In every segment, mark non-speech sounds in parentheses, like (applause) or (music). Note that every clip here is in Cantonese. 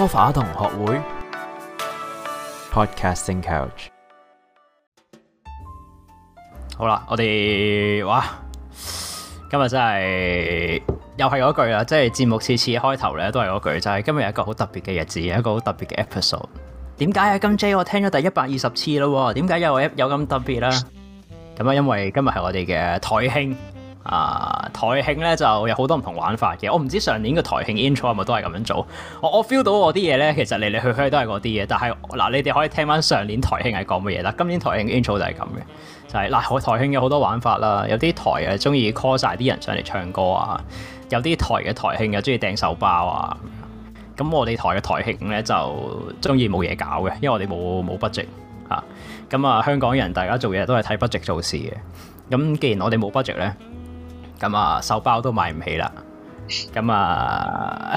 魔法同學會 Podcasting Couch，好啦，我哋哇，今日真係又係嗰句啦，即係節目次次開頭咧都係嗰句，就係今日有一個好特別嘅日子，一個好特別嘅 episode。點解啊，今集我聽咗第一百二十次啦，點解又有有咁特別啦？咁啊，因為今日係我哋嘅台慶。啊，台慶咧就有好多唔同玩法嘅。我唔知上年嘅台慶 intro 係咪都係咁樣做，我 feel 到我啲嘢咧，其實嚟嚟去去都係嗰啲嘢，但係嗱、啊、你哋可以聽翻上年台慶係講乜嘢啦，今年台慶 intro 就係咁嘅，就係嗱，我台慶有好多玩法啦，有啲台啊中意 call 晒啲人上嚟唱歌啊，有啲台嘅台慶又中意掟手包啊，咁我哋台嘅台慶咧就中意冇嘢搞嘅，因為我哋冇冇 budget 嚇、啊，咁啊，香港人大家做嘢都係睇 budget 做事嘅，咁既然我哋冇 budget 咧。咁啊，手包都買唔起啦。咁啊，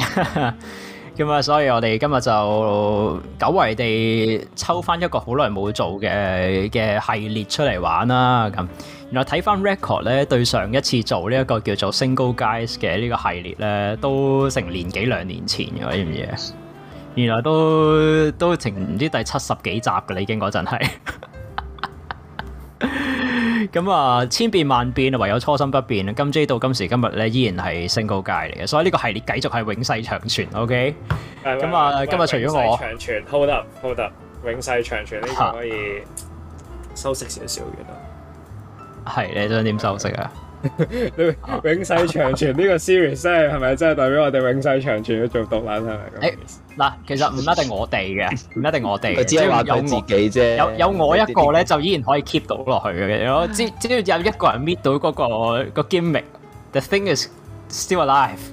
咁 (laughs) 啊，所以我哋今日就久違地抽翻一個好耐冇做嘅嘅系列出嚟玩啦。咁原來睇翻 record 咧，對上一次做呢一個叫做《Single Guys》嘅呢個系列咧，都成年幾兩年前嘅呢樣嘢。原來都都停唔知第七十幾集嘅啦，已經嗰陣係。咁啊，千變萬變，唯有初心不變，今朝到今時今日咧，依然係升高界嚟嘅，所以呢個系列繼續係永世長存，OK？咁啊，今日除咗我，永世長存，hold up，hold up，永世長存，呢個可以修飾少少嘅都，係你都想點修飾啊？你 (laughs) 永世長存呢個 series 係 (laughs) 咪真係代表我哋永世長存去做毒撚係咪咁？誒，嗱，其實唔一定我哋嘅，唔一定我哋，佢 (laughs) 只係話佢自己啫。有我有，有我一個咧，就依然可以 keep 到落去嘅。如果只只要有一個人搣到嗰、嗰個、嗰個 gaming，the thing is still alive。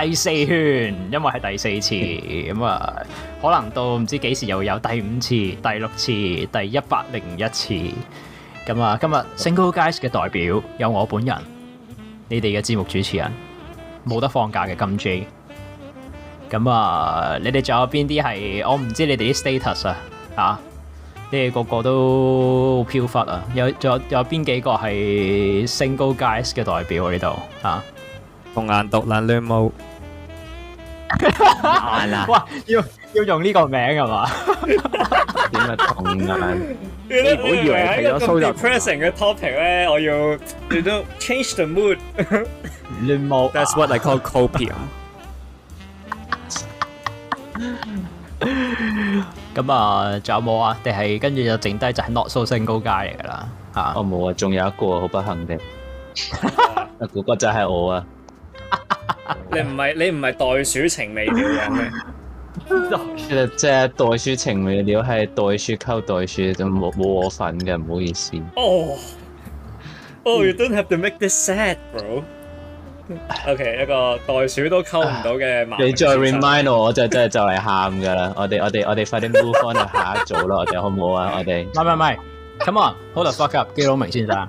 第四圈，因為係第四次，咁啊，可能到唔知幾時又有第五次、第六次、第一百零一次，咁啊，今日 Single Guys 嘅代表有我本人，你哋嘅節目主持人冇得放假嘅金 J，咁啊，你哋仲有邊啲係？我唔知你哋啲 status 啊，啊，你哋個個都飄忽啊，有仲有有邊幾個係 Single Guys 嘅代表呢度啊？紅眼獨領綠帽。啦、 (laughs) 啊，哇，要要用呢個名係嘛？點 (laughs) 啊痛啊！唔好以為除咗蘇就 p r e s s n g 嘅 topic 咧，我要 do you know, change the mood。咁啊，仲有冇啊？定係跟住就剩低就係 no 蘇升高階嚟噶啦？吓，我冇啊，仲、oh, 啊、有一個好不幸嘅。嗰個就係我啊。 (laughs) 你唔係你唔係袋鼠情未了咩？即係袋鼠情未了係袋鼠溝袋鼠就冇冇我份嘅，唔好意思。哦哦，you don't have to make this sad，bro。OK，一個袋鼠都溝唔到嘅，你再 remind 我，我就真係就嚟喊噶啦。我哋我哋我哋快啲 move on 到下一組咯，我哋好唔好啊？我哋唔係唔係，come on，hold the fuck up，get on 明先生。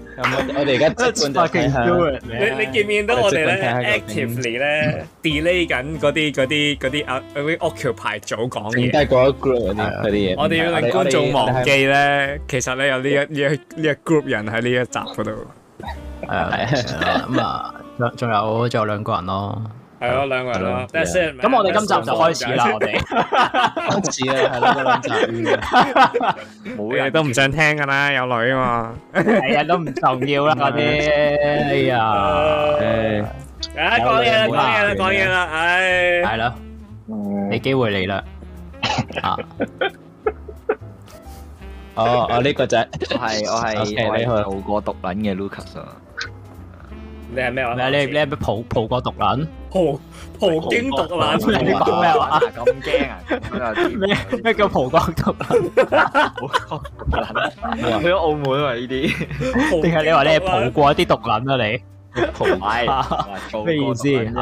(laughs) 我哋而家你你見唔見到我哋咧？actively 咧 delay 緊嗰啲嗰啲嗰啲啊啲 occupy 組講嘅，都係嗰 group 啲啲嘢。我哋要令觀眾忘記咧，其實咧有呢一呢一呢一 group 人喺呢一集嗰度。係 (laughs) 啊，咁啊，仲有仲有兩個人咯。係咯，兩個人咯。咁我哋今集就開始啦，我哋開始啦，係啦，今集冇嘢都唔想聽噶啦，有女啊嘛，係啊，都唔重要啦嗰啲，哎呀，誒，講嘢啦，講嘢啦，講嘢啦，哎，係咯，畀機會你啦，啊，哦，我呢個就係我係我做過毒品嘅 Lukas 啊。你係咩話？唔係你你係咩蒲蒲過毒撚？蒲蒲京毒撚？你講咩話？咁驚啊？咩咩叫蒲過毒？蒲過毒撚？去咗澳門啊嘛？呢啲定係你話你係蒲過一啲毒撚啊？你蒲唔係？咩意思啫？誒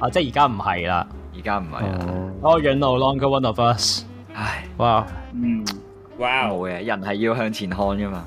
啊！即係而家唔係啦，而家唔係啦。You're no longer one of us。唉！哇！嗯！哇！冇嘅，人係要向前看㗎嘛。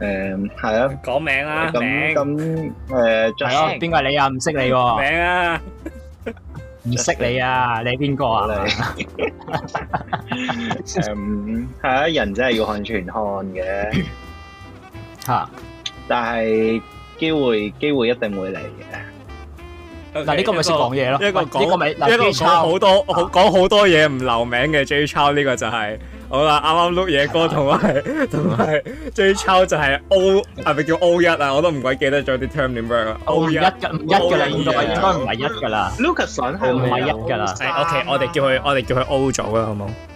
誒，係啊，講名啦，名咁誒，係啊，邊個你啊？唔識你喎，名啊，唔識你啊？你係邊個啊？嗯，係啊，人真係要看全看嘅吓，但係機會機會一定會嚟嘅。嗱，呢個咪先講嘢咯，一個講，一個講好多，講好多嘢唔留名嘅 J Chow 呢個就係。好啦，啱啱碌嘢歌同埋同埋最抽就係 O 啊，係咪叫 O 一啊，我都唔鬼記得咗啲 term 點樣 O 一一嘅，同埋應該唔係一噶啦。Lucason 係唔係一噶啦？OK 我哋叫佢我哋叫佢 O 組啦，好冇？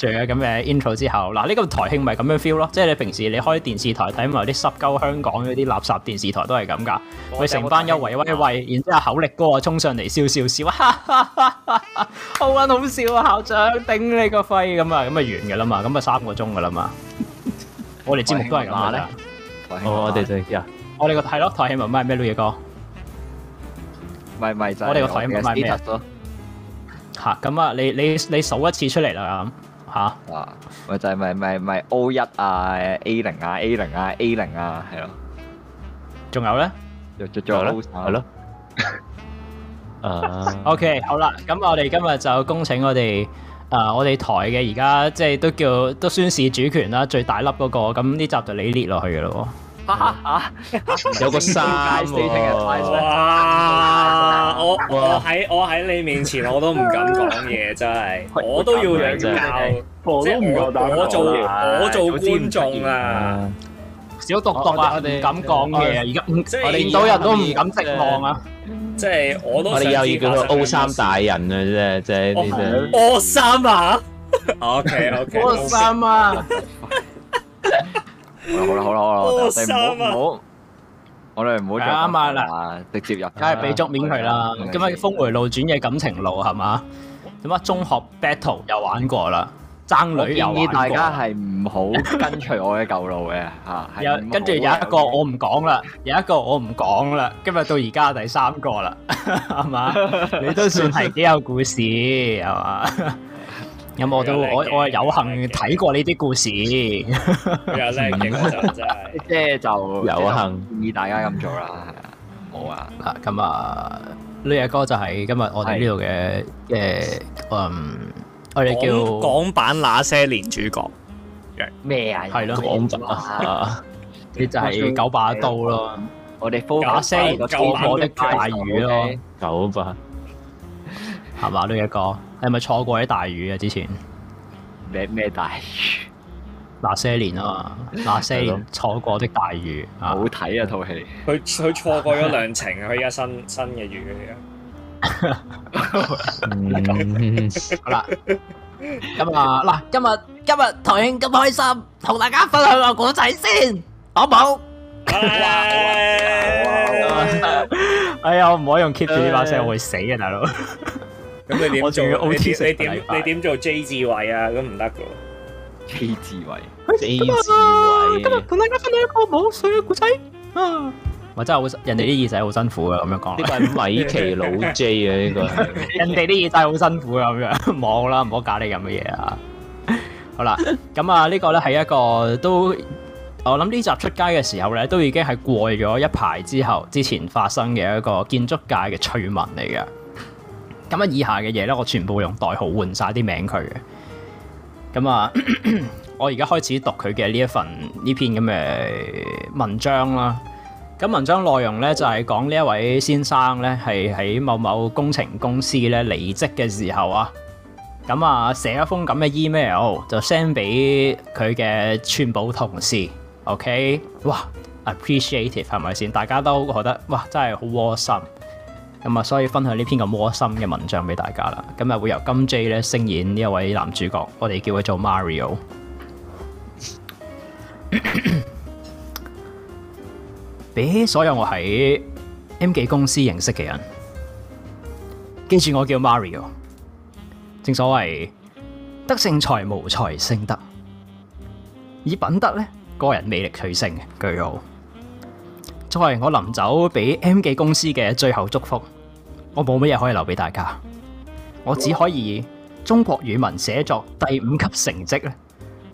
做嘅咁嘅 intro 之後，嗱、這、呢個台慶咪咁樣 feel 咯，即係你平時你開電視台睇埋啲濕鳩香港嗰啲垃圾電視台都係咁噶，佢成班圍威喂喂，然之後口力哥啊衝上嚟笑，笑笑笑，哈哈哈哈好啊好笑啊校長頂你肺個肺咁 (laughs) 啊，咁啊完噶啦嘛，咁啊三個鐘噶啦嘛，我哋節目都係咁噶，不不我我哋就我媽媽，我哋個係咯台慶咪咩咩乜嘢歌，咪咪就我哋個台慶咪咩咯，吓咁啊你你你數一次出嚟啦。吓，啊，咪就係咪咪咪 O 一啊，A 零啊，A 零啊，A 零啊，係咯、啊，仲、啊啊、有咧，仲有仲係咯，OK 好啦，咁我哋今日就恭請我哋誒，uh, 我哋台嘅而家即係都叫都宣示主權啦，最大粒嗰個，那個，咁呢集就你列落去嘅咯。啊！啊啊有個三喎、啊！哇！我我喺我喺你面前我都唔敢講嘢真係，我都要忍住，我都唔夠膽，即係我，我做我做觀眾啊！少讀讀得唔敢講嘢，哎就是、家而家我見到人都唔敢直望啊！即係我都我又要叫佢 O 三大人嘅啫，即係 O 三啊！OK OK O 三啊！好啦好啦好啦，我哋唔好唔好，我哋唔好啱啱啦！直接入，梗係俾足面佢啦。咁峰迴路轉嘅感情路係嘛？咁啊？中學 battle 又玩過啦，爭女又玩過。建議大家係唔好跟隨我嘅舊路嘅吓。有跟住有一個我唔講啦，有一個我唔講啦。今日到而家第三個啦，係嘛？你都算係幾有故事係嘛？咁我都我我係有幸睇過呢啲故事，即係就有幸建議大家咁做啦。我啊，嗱咁啊呢一個就係今日我哋呢度嘅誒，嗯，我哋叫港版那些年主角，咩啊？係咯，港版啊，呢就係九把刀咯。我哋那些年個江湖的大魚咯，九把係嘛？呢一個。係咪錯過啲大雨啊？之前咩咩大雨？那些年啊，那些年錯過的大魚。好睇啊！套戲。佢佢錯過咗兩程，佢而家新新嘅魚嚟嘅。 (laughs) 嗯、 (laughs) 好啦。今日嗱、啊，今日今日台慶咁開心，同大家分享下故仔先，好唔好？啊、哎呀，我唔可以用 keep 住呢把聲，欸、我會死嘅，大佬。咁你點做？我做 OT 你點你點做 J，啊、J. J. J. J. J. J 智慧啊？咁唔得噶。J 智慧今日同大家分享一個好水嘅故仔啊！我真係好，人哋啲耳仔好辛苦啊。咁樣講，呢個米奇老 J 啊，呢個人哋啲耳仔好辛苦啊！咁樣，冇 (laughs) 啦，唔好搞你咁嘅嘢啊！ (laughs) 好啦，咁啊，呢個咧係一個都，我諗呢集出街嘅時候咧，都已經係過咗一排之後，之前發生嘅一個建築界嘅趣聞嚟嘅。咁以下嘅嘢咧，我全部用代號換晒啲名佢嘅。咁啊， (coughs) 我而家開始讀佢嘅呢一份呢篇咁嘅文章啦。咁文章內容咧就係講呢一位先生咧係喺某某工程公司咧離職嘅時候啊。咁啊，寫一封咁嘅 email 就 send 俾佢嘅全部同事。OK，哇，appreciative 係咪先？大家都覺得哇，真係好窩心。咁啊，所以分享呢篇咁窩心嘅文章俾大家啦。今日會由金 J 咧，聲演呢一位男主角，我哋叫佢做 Mario。俾 (coughs) 所有我喺 M 記公司認識嘅人，記住我叫 Mario。正所謂德勝財無才勝德，以品德呢個人魅力取勝，句號。作為我臨走俾 M 記公司嘅最後祝福，我冇乜嘢可以留俾大家，我只可以中國語文寫作第五級成績咧，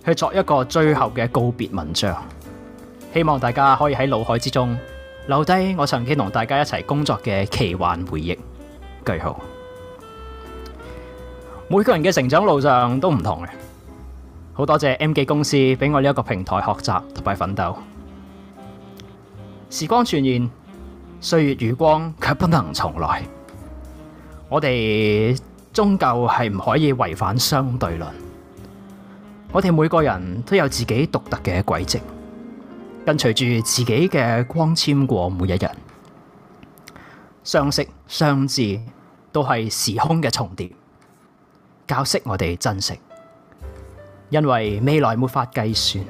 去作一個最後嘅告別文章。希望大家可以喺腦海之中留低我曾經同大家一齊工作嘅奇幻回憶。句號。每個人嘅成長路上都唔同嘅，好多謝 M 記公司俾我呢一個平台學習同埋奮鬥。時光傳然，歲月如光卻不能重來。我哋終究係唔可以違反相對論。我哋每個人都有自己獨特嘅軌跡，跟隨住自己嘅光纖過每一日。相識相知都係時空嘅重疊，教識我哋珍惜，因為未來沒法計算，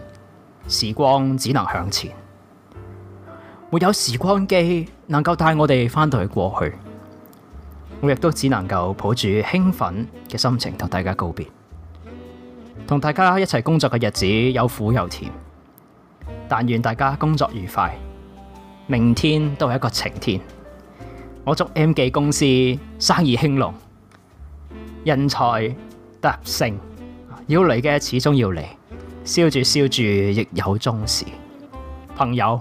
時光只能向前。沒有時光機能夠帶我哋翻到去過去，我亦都只能夠抱住興奮嘅心情同大家告別。同大家一齊工作嘅日子有苦有甜，但願大家工作愉快，明天都係一個晴天。我祝 M 記公司生意興隆，人才得勝，要嚟嘅始終要嚟，笑住笑住亦有終時，朋友。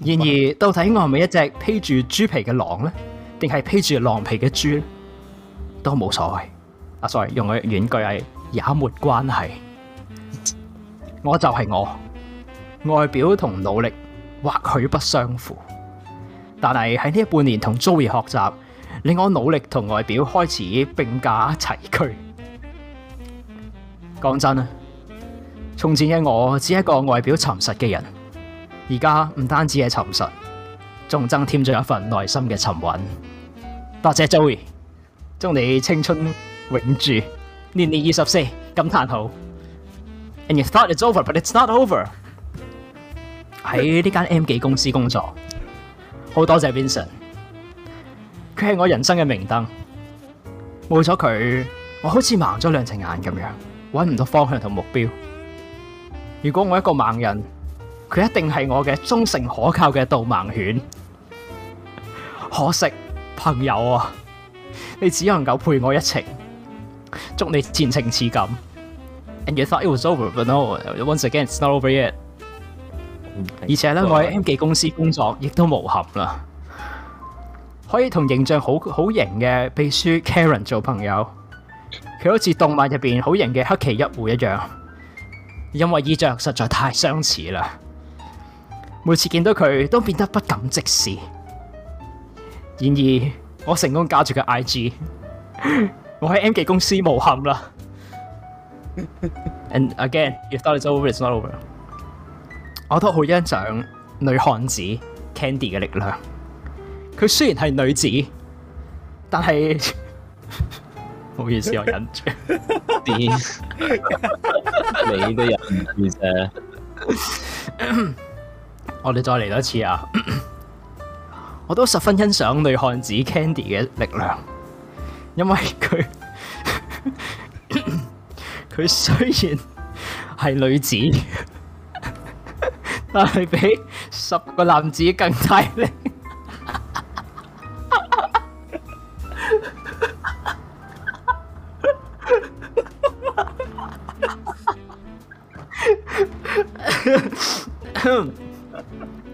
然而，到底我係咪一隻披住豬皮嘅狼呢？定係披住狼皮嘅豬咧？都冇所謂。阿 sorry 用我原句係，也沒關係。我就係我外表同努力或許不相符，但係喺呢半年同 Joey 學習，令我努力同外表開始並駕齊驅。講真啊，從前嘅我只係一個外表沉實嘅人。而家唔單止係沉實，仲增添咗一份內心嘅沉穩。多謝 Joey，祝你青春永駐，年年二十四，感嘆號。And you thought it's over, but it's not over。喺呢間 M 記公司工作，好多謝 Vincent，佢係我人生嘅明燈。冇咗佢，我好似盲咗兩隻眼咁樣，搵唔到方向同目標。如果我一個盲人，佢一定係我嘅忠誠可靠嘅導盲犬。可惜，朋友啊，你只能夠陪我一程。祝你前程似錦。And you thought it was over, but no. Once again, it's not over yet。而且呢，我喺 M 記公司工作，亦都無憾啦。可以同形象好好型嘅秘書 Karen 做朋友。佢好似動漫入邊好型嘅黑崎一護一樣。因為衣着實在太相似啦。每次見到佢都變得不敢直視。然而，我成功加住佢 IG，我喺 M 記公司無憾啦。And again, you thought it was over, it's not over。我都好欣賞女漢子 Candy 嘅力量。佢雖然係女子，但係，唔好意思，我忍住。你你都忍唔住啫。我哋再嚟多一次啊，咳咳！我都十分欣賞女漢子 Candy 嘅力量，因為佢佢咳咳雖然係女子，但係比十個男子更大力。 (laughs) (coughs)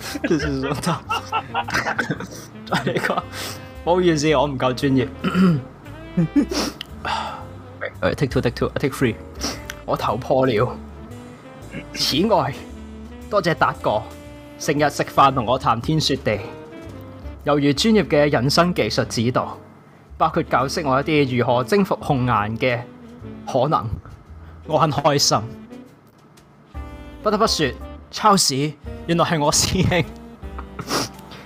這 (laughs) 好意思？我唔夠專業。t (coughs) a k e two，take two，take three，我頭破了。此外，多謝達哥，成日食飯同我談天說地，由於專業嘅人生技術指導，包括教識我一啲如何征服紅顏嘅可能，我很開心。不得不說。超市，原來係我師兄。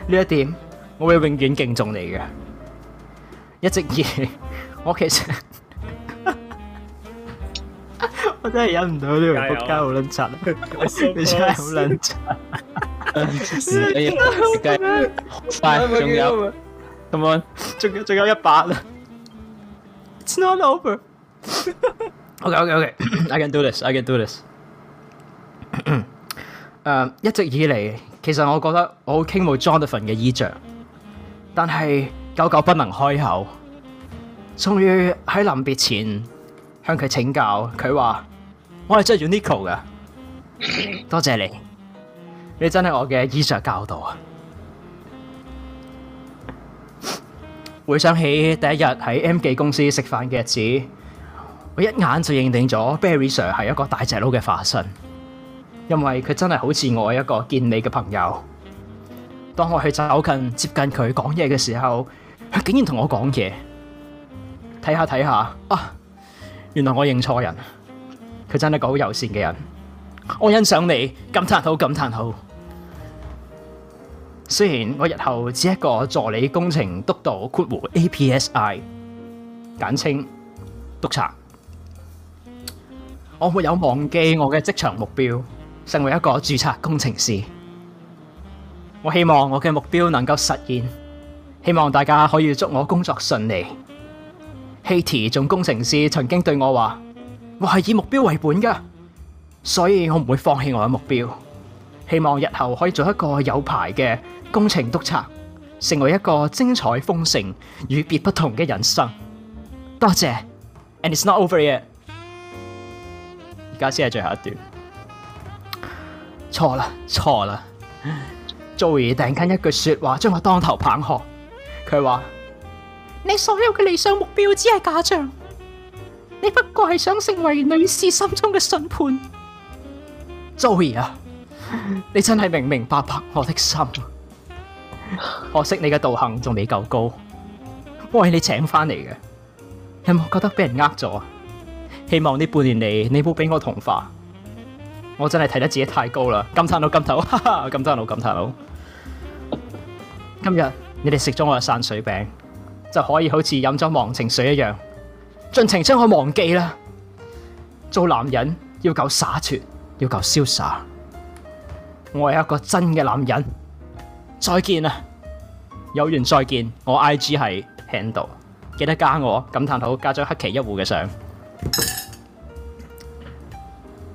呢一點我會永遠敬重你嘅，一直以嚟。我其實我真係忍唔到呢條仆街好撚柒，你真係好撚柒。師弟仆街，仲有，咁樣，仲有，仲有一百啦。It's not over。Okay, okay, okay. I can do this. I can do this. 誒、uh，一直以嚟，其實我覺得我好傾慕 Jonathan 嘅衣着，但係久久不能開口。終於喺臨別前向佢請教，佢話： (laughs) 我係真係要 Nico 嘅，多謝你，你真係我嘅衣着教導啊！回想起第一日喺 M 記公司食飯嘅日子，我一眼就認定咗 Barry Sir 係一個大隻佬嘅化身。因為佢真係好似我一個健美嘅朋友。當我去走近接近佢講嘢嘅時候，佢竟然同我講嘢。睇下睇下，啊，原來我認錯人。佢真係一個好友善嘅人，我欣賞你。感嘆號感嘆號。雖然我日後只係一個助理工程督導括弧 APSI，簡稱督察，我沒有忘記我嘅職場目標，成為一個註冊工程師，我希望我嘅目標能夠實現，希望大家可以祝我工作順利。h a i t y 總工程師曾經對我話：我係以目標為本嘅，所以我唔會放棄我嘅目標。希望日後可以做一個有牌嘅工程督察，成為一個精彩豐盛與別不同嘅人生。多謝，And it's not over yet。而家先姐最後一段。」錯啦，錯啦！Joey 突然間一句說話，將我當頭棒喝。佢話：你所有嘅理想目標只係假象，你不過係想成為女士心中嘅筍盤。Joey 啊，你真係明明白白我的心，可惜你嘅道行仲未夠高。我係你請翻嚟嘅，你有冇覺得俾人呃咗啊？希望呢半年嚟，你冇俾我同化。我真係睇得自己太高啦！金探佬金頭，哈哈！金探佬金探佬，今日你哋食咗我嘅山水餅，就可以好似飲咗忘情水一樣，盡情將我忘記啦！做男人要夠灑脫，要夠瀟灑。我係一個真嘅男人。再見啦！有緣再見。我 IG 係 handle，記得加我。金探佬加咗黑旗一戶嘅相。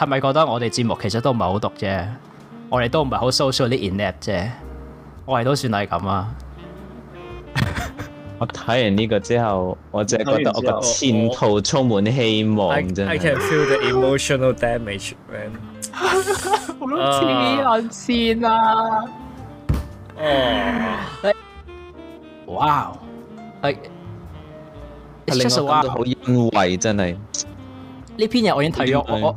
係咪覺得我哋節目其實都唔係好毒啫？我哋都唔係好 social 啲 inapp 啫。我哋都算係咁啊。 (laughs) 我睇完呢個之後，我淨係覺得我個前途充滿希望真係。I, I can feel the emotional damage. (laughs) man . (laughs) 我都黐線啊！哦，哇，好欣慰真係。呢篇嘢我已經睇咗。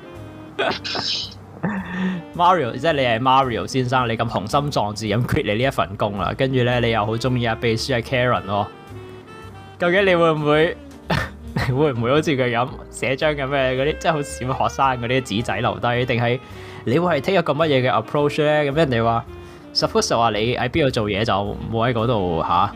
(laughs) Mario，即係你係 Mario 先生，你咁雄心壯志咁 quit 你呢一份工啦，跟住咧你又好中意阿秘書阿 Karen 咯，哦，究竟你會唔會會唔會好似佢咁寫張咁嘅嗰啲，即係好似學生嗰啲紙仔留低，定係你會係 take 一個乜嘢嘅 approach 咧？咁人哋話 (laughs) ，suppose 話你喺邊度做嘢就唔會喺嗰度吓。啊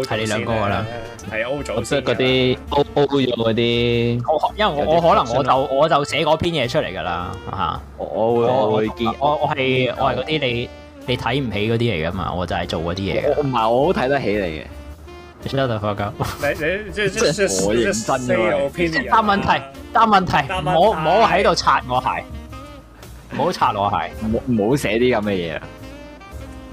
係你兩個啦，啦歐歐我，係 O 組識嗰啲 O O 嗰啲，我因為我我可能我就我就寫嗰篇嘢出嚟噶啦吓，我會我會我我係我係嗰啲你你睇唔起嗰啲嚟噶嘛，我就係做嗰啲嘢。唔係，我好睇得起你嘅， (laughs) 你你即係我認真嘅，但問題但問題，唔好喺度擦我鞋，唔好擦我鞋，唔唔好寫啲咁嘅嘢。即係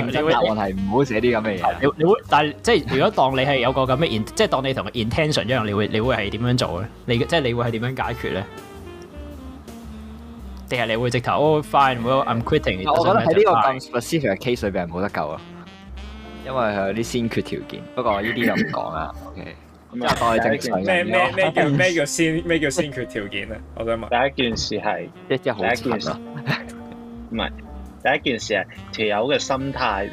認真，答案係唔好寫啲咁嘅嘢。你你會但係即係如果當你係有個咁嘅 intention，即係當你同 intention 一樣，你會你會係點樣做咧？你即係你會係點樣解決咧？定係你會直頭？我 fine，我 I'm quitting。我覺得喺呢個咁 specific 嘅 case 裏邊係冇得救咯。因為係有啲先決條件，不過呢啲就唔講啦。OK，即係當你直情咩咩咩叫咩叫先咩叫先決條件咧？我想問第一件事係即係好慘啊，唔係。第一件事啊，條友嘅心態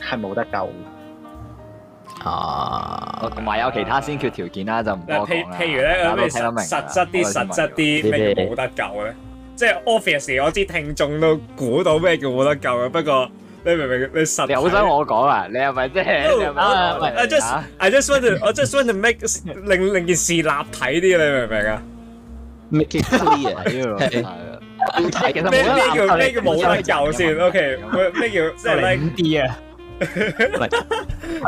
係冇得救啊！同、uh, 埋、okay. 有其他先決條件啦，uh, uh, 就唔得，講譬，譬如咧、啊，實質啲、實質啲，咩叫冇得救咧？ (music) 即係 obviously，我知聽眾都估到咩叫冇得救啦。不過你明唔明？你實有得我講啊？你係咪即係？即係咪？I just、uh, I just want to (laughs) I just want to make, want to make (laughs) 令令，令件事立體啲，你明唔明啊？Make it funny 啊！咩咩叫咩叫冇得救先？OK，咩叫即係零 D 啊？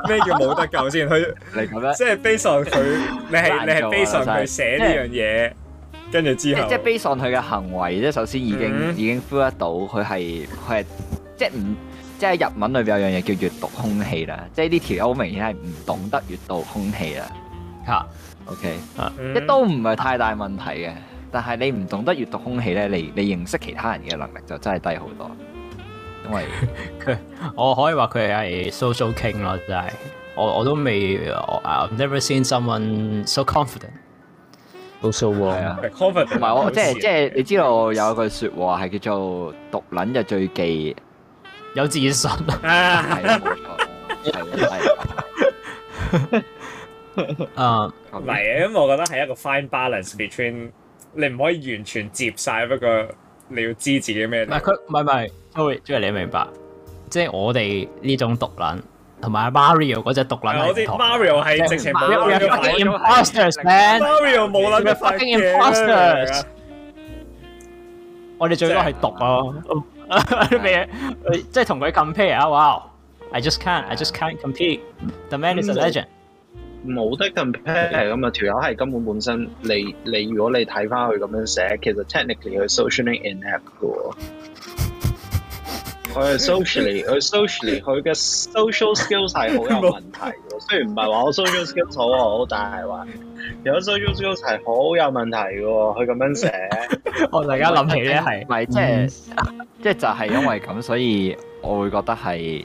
咩叫冇得救先？佢你咁樣，即係 based on 佢，你係你係 based on 佢寫呢樣嘢，跟住之後，即係 based on 佢嘅行為，即係首先已經已經 feel 到佢係佢係，即係唔即係日文裏邊有樣嘢叫閱讀空氣啦，即係呢條友好明顯係唔懂得閱讀空氣啦，吓 OK 啊，即係都唔係太大問題嘅。但係你唔懂得閱讀空氣咧，你你認識其他人嘅能力就真係低好多。因為佢，我可以話佢係 social king 咯，真係。我我都未，I've never seen someone so confident。so confident，唔係我，即係即係，你知道有一句說話係叫做毒撚就最忌有自信。係啊，冇錯，係啊，係啊。啊，唔係，因為我覺得係一個 fine balance between。你唔可以完全接晒，不過你要知道自己咩？唔係佢，唔係唔係，因為因為你明白，即係我哋呢種毒撚，毒同埋 Mario 嗰隻毒撚係唔同。我知 Mario 係直情冇撚嘅。Mario 冇撚嘅。我哋最多係毒啊！即係同佢 compare 啊！Wow，I just can't，I just can't compete。The man is a legend。mm-hmm。冇得 compare 咁啊！條友係根本本身，你你如果你睇翻佢咁樣寫，其實 technically 佢 socially inept 嘅喎。佢係 socially，佢 socially，佢嘅 social skills 係好有問題。雖然唔係話我 social skills 好啊，我但係話有 social skills 係好有問題嘅。佢咁樣寫，我突然間諗起咧，係咪即係即係就係因為咁，所以我會覺得係。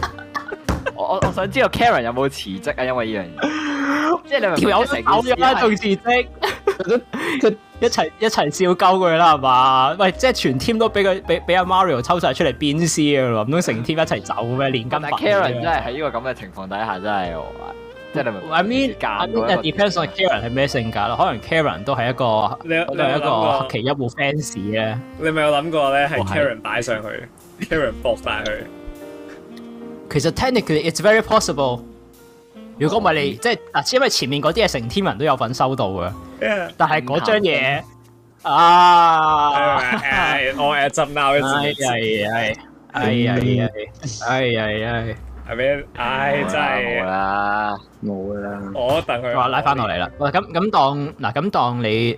我我想知道 Karen 有冇辭職啊？因為呢樣嘢，即係你條友成日啦，仲辭職，佢 (laughs) 一齊一齊笑鳩佢啦，係嘛？喂，即係全 team 都俾佢俾俾阿 Mario 抽晒出嚟鞭屍啊！諗到成 team 一齊走咩？連金牌，Karen 真係喺呢個咁嘅情況底下真係，即係你，I mean, I mean, depends on Karen 係咩性格咯？可能 Karen 都係一,一個你係一個其一無 fans 咧。你咪有諗過咧？係 Karen 擺上去，Karen 搏佢。其實 technically it's very possible。如果唔係你，即係嗱，因為前面嗰啲係成天文都有份收到嘅，但係嗰張嘢啊，all adds up now。哎呀，哎呀，哎呀，哎呀，哎呀。I mean，唉真係冇啦，冇啦。我等佢話拉翻落嚟啦。喂，咁咁當嗱，咁當你。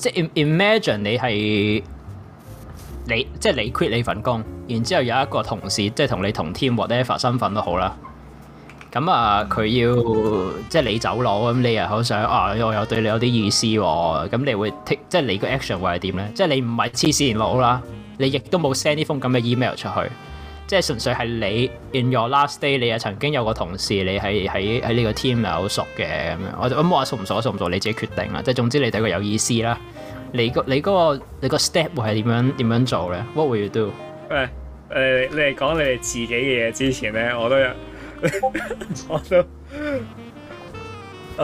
即係 imagine 你係你即係你 quit 你份工，然之後有一個同事即係同你同 team 或者身份都好啦。咁啊，佢要即係你走攞咁，你又好想啊，我又對你有啲意思喎、哦。咁你會 take，即係你個 action 會係點咧？即係你唔係黐線佬啦，你亦都冇 send 呢封咁嘅 email 出去。即係純粹係你 in your last day，你又曾經有個同事，你喺喺喺呢個 team 又好熟嘅咁樣，我咁話熟唔熟，熟唔熟你自己決定啦。即係總之你對佢有意思啦，你、嗰個你嗰個你個 step 會係點樣點樣做咧？What will you do？喂、呃、誒，你哋講你哋自己嘅嘢之前咧，我都有， (laughs) 我都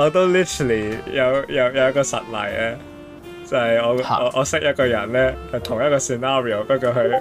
我都 literally 有有有一個實例咧，就係、是、我 (laughs) 我我識一個人咧，同一個 scenario，不過佢。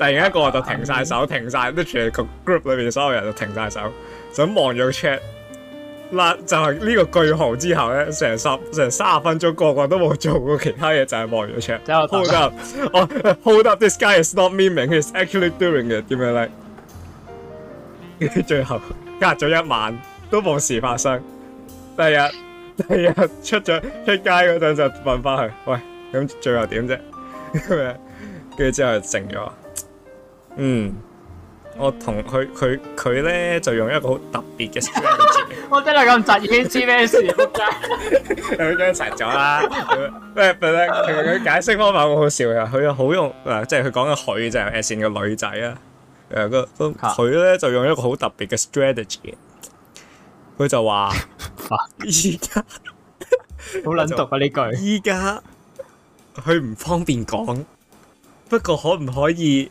突然一個就停晒手，停晒，都全個 group 裏邊所有人就停晒手，chat，就望咗 chat。嗱，就係呢個句號之後咧，成十成三十分鐘個個都冇做過其他嘢，就係望咗 chat。之後 hold up，oh, hold up，this guy is not meaning, he's actually doing it，咁樣咧。最後隔咗一晚都冇事發生。第日，第日出咗出街嗰陣就問翻佢，喂，咁最後點啫？咁樣，跟住之後靜咗。嗯，我同佢佢佢咧就用一個好特別嘅 strategy (laughs) 我真係咁窒，已經知咩事佢 (laughs) (laughs) 有啲窒咗啦。咩 (laughs) 咩？其實佢解釋方法好好笑嘅，佢又好用即係佢講嘅佢就係、是、Asian 嘅女仔啦。誒，佢佢咧就用一個好特別嘅 strategy。佢就話：依家好卵毒啊！呢 (laughs) 句。依家佢唔方便講，不過可唔可以？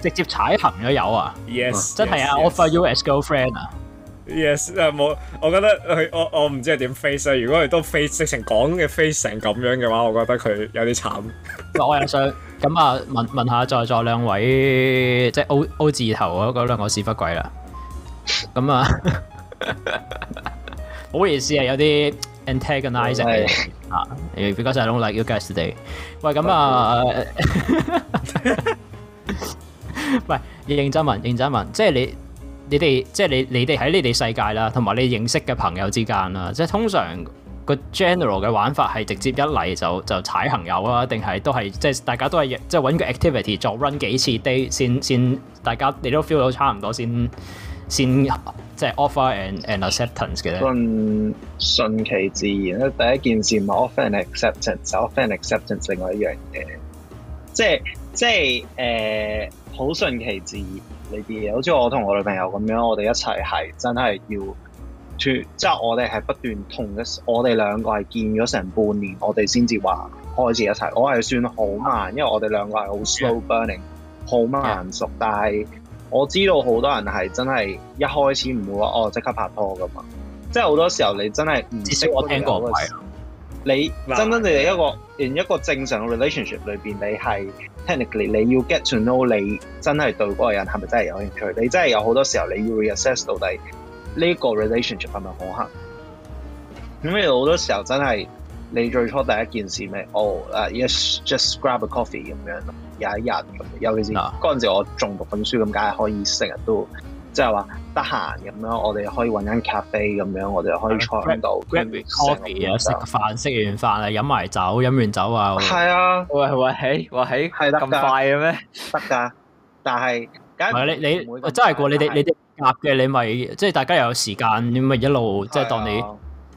直接踩平咗有啊？Yes，真係啊！I fall you as girlfriend 啊？Yes，啊冇，我覺得佢我我唔知係點 face 啊。如果佢都 face 直情講嘅 face 成咁樣嘅話，我覺得佢有啲慘。嗱，我又想咁啊，問問下在座兩位即係 O O 字頭嗰嗰兩個屎忽鬼啦。咁啊，好意思啊，有啲 antagonizing 啊，因為 because I don't like you guys today。喂，咁啊。喂， (laughs) 係，你認真問，認真問，即係你，你哋，即係你，你哋喺你哋世界啦，同埋你認識嘅朋友之間啦，即係通常個 general 嘅玩法係直接一嚟就就踩朋友啊，定係都係即係大家都係即係搵個 activity 做 run 幾次 day 先先，大家你都 feel 到差唔多先先即係 offer and and acceptance 嘅咧。順其自然啦，第一件事唔係 offer and acceptance，offer and acceptance 另外一樣嘢，即係。即係誒，好、呃、順其自然呢啲嘢，好似我同我女朋友咁樣，我哋一齊係真係要脫，即係、就是、我哋係不斷同嘅，我哋兩個係見咗成半年，我哋先至話開始一齊。我係算好慢，因為我哋兩個係好 slow burning，好、yeah. 慢熟。Yeah. 但係我知道好多人係真係一開始唔會話哦即刻拍拖㗎嘛，即係好多時候你真係唔識。我聽過係。你真、no, 真正正一個，yeah. 連一個正常嘅 relationship 裏面，你係 technically 你要 get to know 你真係對嗰個人係咪真係有興趣？你真係有好多時候你要 reassess 到底呢個 relationship 係咪可行？咁你好多時候真係你最初第一件事咪、就、哦、是，誒 yes just grab a coffee 咁樣，有一日，尤其是嗰陣時我仲讀緊書，咁梗係可以成日都。即係話得閒咁樣，我哋可以搵間咖啡咁樣，我哋可以坐喺度食飯，食完飯啊，飲埋酒，飲完酒啊，係啊，喂喂，喂，係啦，咁快嘅咩？得噶，但係梗係你你真係過你哋你哋夾嘅，你咪即係大家又有時間，你咪一路即係當你。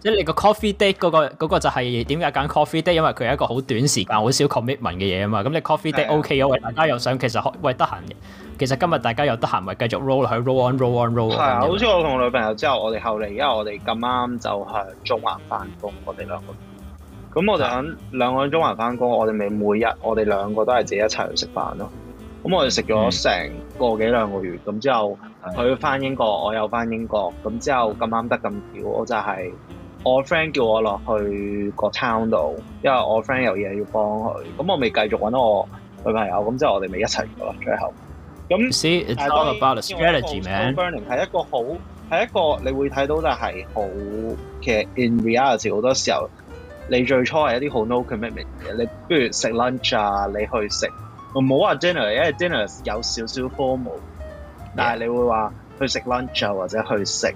即係你個 coffee date 嗰個嗰個就係點解揀 coffee date？因為佢係一個好短時間、好少 commitment 嘅嘢啊嘛。咁你 coffee date OK 啊？喂，大家又想其實喂得閒嘅。其實今日大家又得閒咪繼續 roll 去，roll on，roll on，roll on, 好似我同我女朋友之後，我哋後嚟，因為我哋咁啱就係中環翻工，我哋兩個。咁我就喺兩個喺中環翻工，我哋咪每日我哋兩個都係自己一齊去食飯咯。咁我哋食咗成個幾兩個月，咁之後佢翻英國，我又翻英國，咁之後咁啱得咁巧，我就係。我 friend 叫我落去個 town 度，因為我 friend 有嘢要幫佢，咁我未繼續揾到我女朋友，咁即係我哋未一齊噶咯。最後，咁 see it's all about a strategy, man。係一個好，係一個你會睇到，就係好。其實 in reality 好多時候，你最初係一啲好 no commitment 嘅嘢。你不如食 lunch 啊，你去食。唔好話 dinner，因為 dinner 有少少 formal，但係你會話去食 lunch 啊，或者去食。.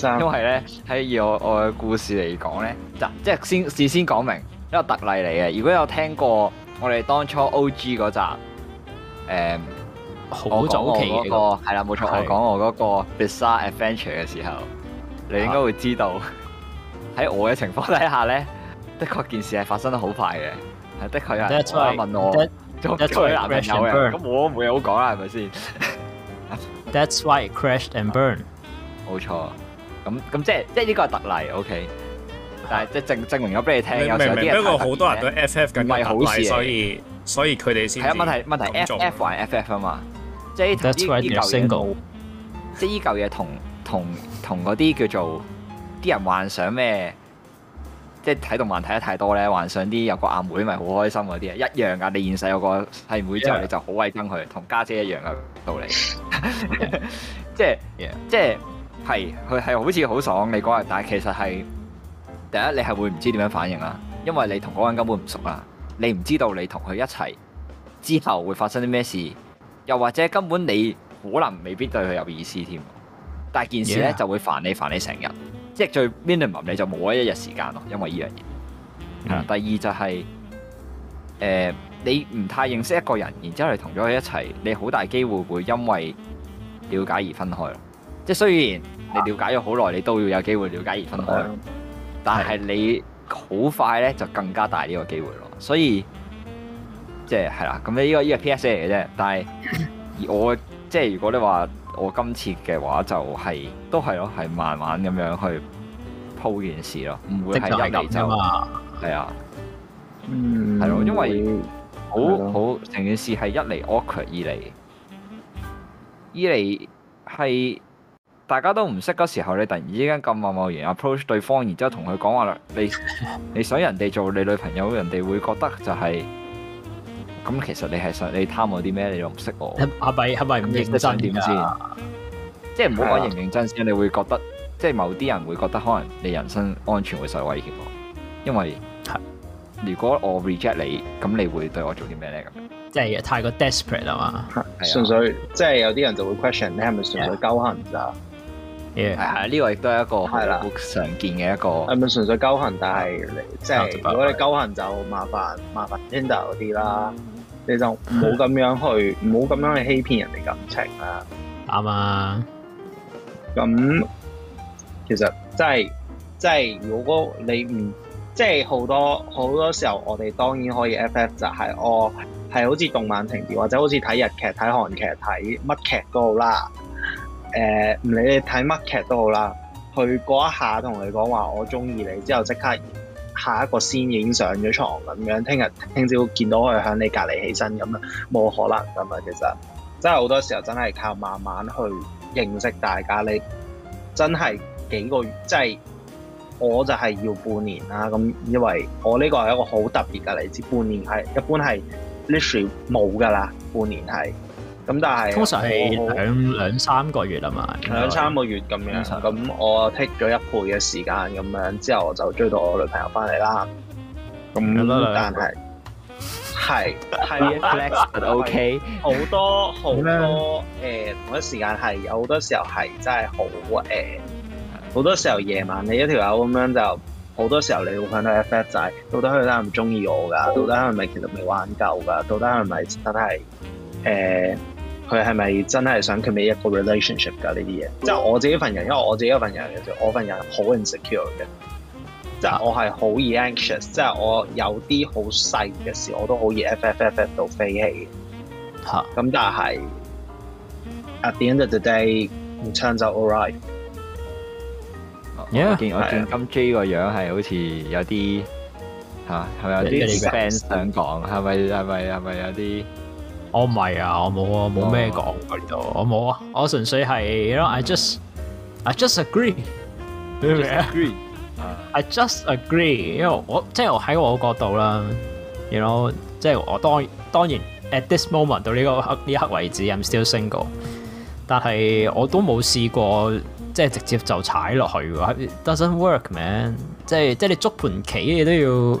因為咧喺以我我嘅故事嚟講咧，嗱即係先事先講明一個特例嚟嘅。如果有聽過我哋當初 OG 嗰集，誒、嗯好早期嗰個，我講我嗰個係啦，冇錯，我講我嗰個 Bizarre Adventure 嘅時候，你應該會知道喺、啊、 (laughs) 我嘅情況底下咧，的確件事係發生得好快嘅，係的確有人問我，一出嚟就有人，咁我冇嘢好講啦，係咪先？That's why it crashed and burned. (laughs) e d 冇錯，咁咁即係即係呢個係特例，OK？但係即係證證明咗俾你聽，你明明有啲不過好多人都 F，F 緊，唔係好事，所以所以佢哋先係啊問題問題，F，F 還 F，F 啊嘛，That's right, you're 即係呢呢舊嘢，即係呢舊嘢同同同嗰啲叫做啲人幻想咩？即係睇動漫睇得太多咧，幻想啲有個阿妹咪好開心嗰啲啊，一樣噶。你現世有個細妹，妹之後，yeah. 你就好鬼憎佢，同家姐，姐一樣嘅道理， (laughs) Okay. Yeah. (laughs) 即係、yeah. 即係。係，佢係好似好爽，你嗰日，但係其實係第一，你係會唔知點樣反應啊？因為你同嗰個人根本唔熟啊，你唔知道你同佢一齊之後會發生啲咩事，又或者根本你可能未必對佢有意思添。但係件事咧就會煩你煩，yeah. 你成日，即係最 minimum 你就冇一日時間咯，因為呢樣嘢。Mm-hmm. 第二就係、是、誒、呃，你唔太認識一個人，然之後你同咗佢一齊，你好大機會會因為了解而分開即係雖然你了解咗好耐，你都要有機會了解而分開，但係你好快咧就更加大呢個機會咯。所以即係係啦，咁你依個呢、依個 P S A 嚟嘅啫。但係我即係、就係、如果你話我今次嘅話、就係，就係都係咯，係慢慢咁樣去鋪件事咯，唔會係一嚟就係啊，嗯，係咯，因為好好成件事係一嚟 occur，二嚟二嚟係。大家都唔識嗰時候，你突然之間咁貿貿然 approach 對方，然之後同佢講話啦，你你想人哋做你女朋友，人哋會覺得就係、是、咁。其實你係想你貪我啲咩？你又唔識我？阿偉阿偉唔認真點先、啊？即係唔好講認認真先，你會覺得即係某啲人會覺得可能你人身安全會受威脅。因為如果我 reject 你，咁你會對我做啲咩咧？咁即係太過 desperate 啦嘛，純 (laughs) 、啊、粹即係有啲人就會 question 你係咪純粹勾行咋？Yeah. 係係呢個亦都係一個好常見嘅一個係咪純粹勾痕？但係即係如果你勾痕、嗯，就麻煩麻煩 Tinder 嗰啲啦、嗯，你就冇咁樣去，唔好咁樣去欺騙人哋感情啊！啱啊！咁、嗯、其實即係即係，如果你唔即係好多好多時候，我哋當然可以 FF，就係、是、哦，係、oh, 好似動漫情節，或者好似睇日劇、睇韓劇、睇乜劇都好啦。誒、uh,，唔理你睇乜劇都好啦，佢嗰一下同你講話我中意你，之後即刻下一個先影上咗床咁樣，聽日聽朝見到佢響你隔離起身咁樣，冇可能咁啊！其實真係好多時候真係靠慢慢去認識大家，你真係幾個月，即係我就係要半年啦。咁因為我呢個係一個好特別㗎。嚟自半年係一般係 literally 冇噶啦，半年係。咁但係，通常係兩兩三個月啊嘛，兩三個月咁樣。咁我剔咗一倍嘅時間咁樣，之後我就追到我女朋友翻嚟啦。咁但係係係 flex OK，好多好 (laughs) 多誒、 (laughs) 欸、同一時間係有好多時候係真係好誒，好、欸、多時候夜晚你一條友咁樣就好多時候你會睇到 flex 到底佢係唔中意我㗎？到底係咪其實未玩夠㗎？到底係咪真係誒？欸佢係咪真係想建立一個 relationship 㗎？呢啲嘢，即係我自己份人，因為我自己份人嘅啫，我份人好 insecure 嘅，就係我係好易 anxious，即係、啊、我有啲好細嘅事我都好易 f f f 到飛起嘅。咁、啊、但係 at the end of the day，turns out alright、yeah。我見我見金 J 個樣係好似有啲嚇，係咪有啲 sense 想講？係咪係咪係咪有啲？我唔係啊，我冇啊，冇咩講喺呢度，我冇啊，我純粹係，你知道，I just I just agree，明唔明啊？I just agree，因為我即係我喺我角度啦，你知道，即係我當當然 at this moment 到呢個呢一刻為止，I'm still single，但係我都冇試過即係直接就踩落去喎，doesn't work man，即係即係你捉盤棋嘅都要。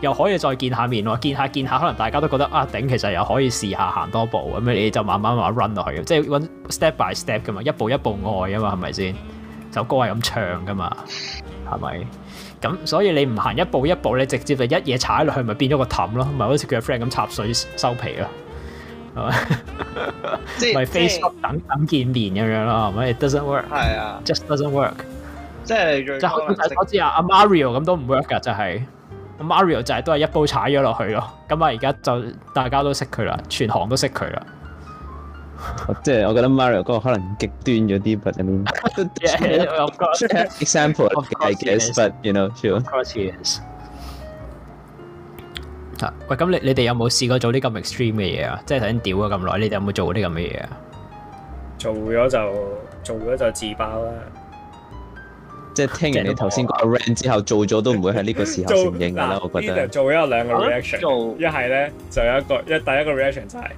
又可以再見下面喎，見下見下，可能大家都覺得啊，頂其實又可以試下行多步咁樣，你就慢慢慢慢 run 落去，即係搵 step by step 噶嘛，一步一步愛啊嘛，係咪先？首歌係咁唱噶嘛，係咪？咁所以你唔行一步一步，你直接就一嘢踩落去，咪變咗個氹咯，咪好似佢 friend 咁插水收皮咯，係咪？即 (laughs) 係、 (laughs) 就是、Facebook 等等見面咁樣咯，係咪？It doesn't work，係啊，just doesn't work，即係就好似我知啊，Mario 咁都唔 work 噶，就係、是。Mario 就係都係一鋪踩咗落去咯，咁啊而家就大家都識佢啦，全行都識佢啦。即 (laughs) 係我覺得 Mario 嗰個可能極端咗啲，but I mean example I guess, but you know sure. yes. 喂，咁你你哋有冇試過做啲咁 extreme 嘅嘢啊？即係頭先屌咗咁耐，你哋有冇做過啲咁嘅嘢啊？做咗就做咗就自爆啦。即係聽完你頭先個 arrange 之後做咗都唔會喺呢個時候承認㗎啦，我覺得。做咗有兩個 reaction，做一係咧就有一個一第一個 reaction 就係、是。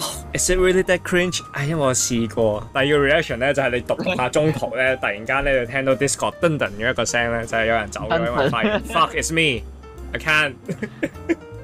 Oh, is it really that cringe？因、哎、為我試過。第二個 reaction 咧就係、是、你讀，讀下中途咧， (laughs) 突然間咧就聽到 discord 噔噔嘅一個聲咧，就係、是、有人走咁樣嘅，因為發現。 (laughs) Fuck, it's me.I can't。 (laughs)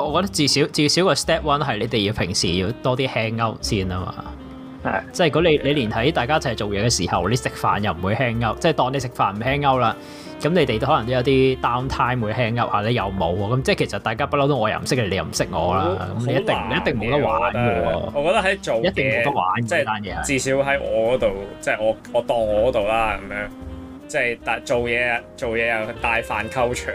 我覺得至少至少個 step one 係你哋要平時要多啲 hang out 先啊嘛，係。即係如果你你連喺大家一齊做嘢嘅時候，你食飯又唔會 hang out，即係當你食飯唔 hang out 啦，咁你哋都可能都有啲 down time 會 hang out 啊？你又冇啊？咁即係其實大家不嬲都我又唔識嘅，你又唔識我啦，好難，你一定冇得玩嘅。我覺得喺做事一定冇得玩，即係單嘢。至少喺我嗰度，即係我我當我嗰度啦，咁樣即係帶做嘢做嘢又帶飯 culture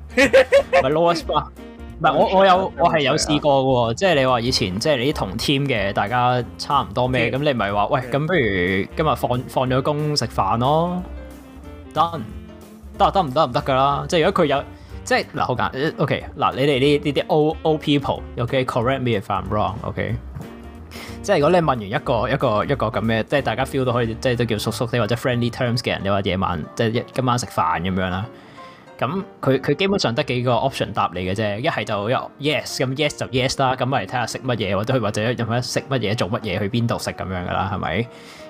咪 lowest 嘛？唔係我我有我係有試過嘅， (laughs) 即係你話以前即係你啲同 team 嘅大家差唔多咩？咁 (laughs) 你咪係話喂，咁不如今日放放咗工食飯咯？得得得唔得唔得噶啦！即係如果佢有即係嗱、啊、好簡單，O K 嗱你哋呢呢啲 old old people，O、okay? K correct me if I'm wrong，O、okay? K 即係如果你問完一個一個一個咁嘅，即係大家 feel 到可以，即係都叫叔叔或者 friendly terms 嘅人，你話夜晚即係一今晚食飯咁樣啦。咁佢佢基本上得幾個 option 答你嘅啫，一係就有 yes 咁 yes 就 yes 啦。咁我哋睇下食乜嘢，或者或者食乜嘢，做乜嘢，去邊度食咁樣噶啦，係咪？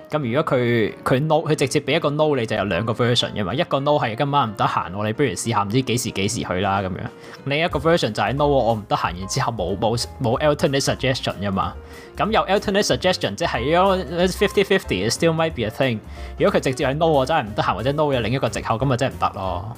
咁如果佢佢 no，佢直接俾一個 no 你就有兩個 version 噶嘛。一個 no 係今晚唔得閒我哋不如試下唔知幾時幾時去啦咁樣。另一個 version 就係 no 我唔得閒。然之後冇冇冇 alternate suggestion 噶嘛。咁有 alternate suggestion 即係 fifty fifty still might be a thing。如果佢直接係 no 我真係唔得閒，或者 no 有另一個藉口咁咪真係唔得咯。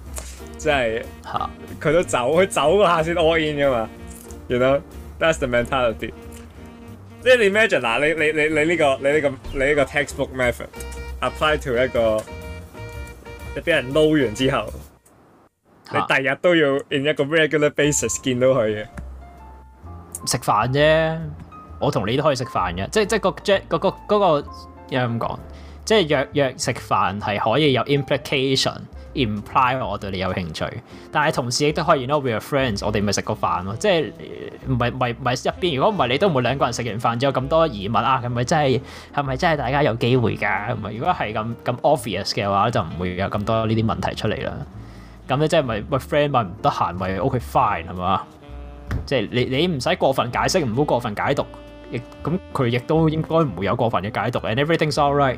即係，佢都走，佢走下先 all in 噶嘛。然之後，that's t mentality。即係你 m a 嗱，你你你、這個、你呢、這個你呢個你呢個 textbook method apply to 一個，你俾人撈完之後，你第日都要 in 一個 regular basis 見到佢嘅。食飯啫，我同你都可以食飯嘅，即係即係、那個 jet 嗰、那個嗰、那個一樣咁講。即係約約食飯係可以有 implication，imply 我對你有興趣，但係同時亦都可以 you know we are friends，我哋咪食個飯咯。即係唔係唔係唔係入邊？如果唔係，你都唔會兩個人食完飯之後有咁多疑問啊？係咪真係係咪真係大家有機會㗎？唔係如果係咁咁 obvious 嘅話，就唔會有咁多呢啲問題出嚟啦。咁你即係咪 my friend 咪唔得閒咪 ok fine 係嘛？即係你你唔使過分解釋，唔好過分解讀，亦咁佢亦都應該唔會有過分嘅解讀，and everything's alright。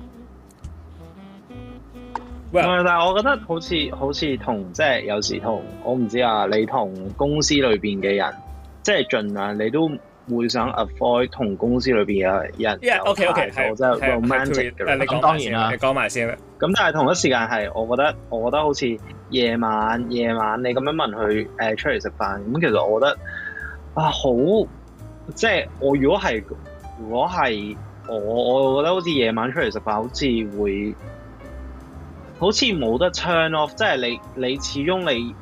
Well, (noise) 但係我覺得好似好似同即係有時同我唔知啊，你同公司裏邊嘅人即係儘量，你都會想 avoid 同公司裏邊嘅人。因為 OK OK 係，係浪漫嘅。咁當然啦，你講埋先。咁但係同一時間係，我覺得我覺得好似夜晚夜晚你咁樣問佢誒、呃、出嚟食飯咁，其實我覺得啊好即係、就是、我如果係如果係我我覺得好似夜晚出嚟食飯好似會。好似冇得 turn off，即係你你始終你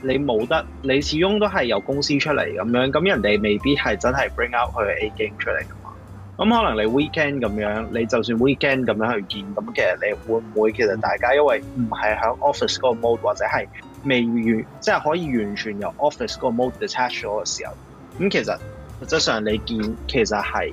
你冇得，你始終都係由公司出嚟咁樣，咁人哋未必係真係 bring out 佢 A game 出嚟噶嘛。咁可能你 weekend 咁樣，你就算 weekend 咁樣去見，咁其實你會唔會其實大家因為唔係喺 office 嗰個 mode，或者係未完，即係可以完全由 office 嗰個 mode detached 咗嘅時候，咁其實實質上你見其實係。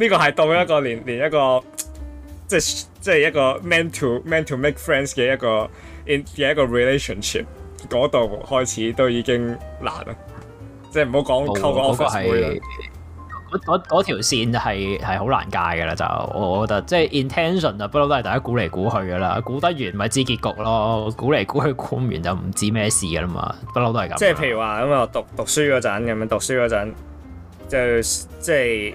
呢、呢個係到一個連一個、嗯、連一個即係即係一個 man to man to make friends 嘅一個 in 嘅一個 relationship 嗰度開始都已經難啦，即係唔好講溝個 office 嗰條線係好難界噶啦，就我覺得即係 intention 就不嬲都係大家估嚟估去噶啦，估得完咪知結局咯，估嚟估去估唔完就唔知咩事噶啦嘛，不嬲都係咁、嗯。即係譬如話咁啊，讀讀書嗰陣咁樣讀書嗰陣就即係。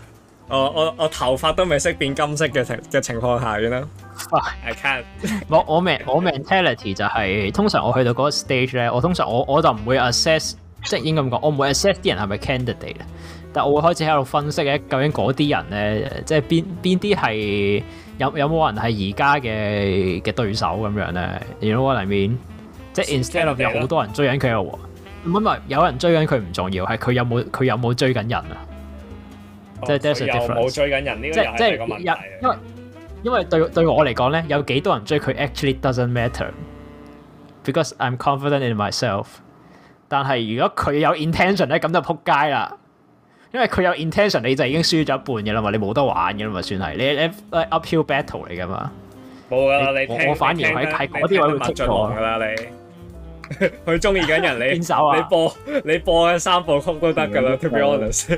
我我我頭髮都未識變金色嘅情嘅情況下嘅啦 you know?、ah, I can't. (laughs) 我我我 mentality 就係、是、通常我去到嗰個 stage 咧，我通常我我就唔會 assess，即係應該咁講，我唔會 assess 啲人係咪 candidate，但我會開始喺度分析咧，究竟嗰啲人咧，即係邊邊啲係有有冇人係而家嘅嘅對手咁樣咧？如果裏面即係 instead of 有好多人追緊佢嘅喎，唔係，有人追緊佢唔重要，係佢有冇佢有冇追緊人啊？即係，there's a difference。又冇追緊人呢個，即係即係因因為因為對對我嚟講咧，有幾多人追佢 actually doesn't matter。Because I'm confident in myself。但係如果佢有 intention 咧，咁就撲街啦。因為佢有 intention，你就已經輸咗一半嘅啦嘛，你冇得玩嘅啦嘛，算係你你 uphill battle 嚟噶嘛。冇啦，你我我反而喺喺嗰啲位會撲咗。冇啦，你佢中意緊人，你你播你播三部曲都得噶啦。To be honest。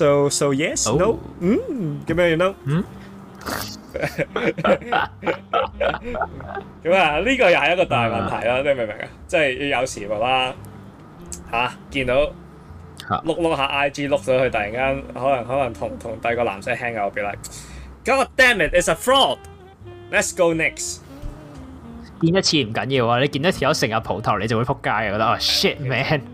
So so yes no，叫咩你 know？咁啊，呢個又係一個大問題啦，你明唔明啊？即係有時爸爸嚇見到碌碌下 IG 碌咗，佢突然間可能可能同同第二個男仔 hang out，我 like God damn it is a fraud，let's go next。見一次唔緊要啊，你見一條友成日蒲頭你就會撲街啊！覺得啊 shit man。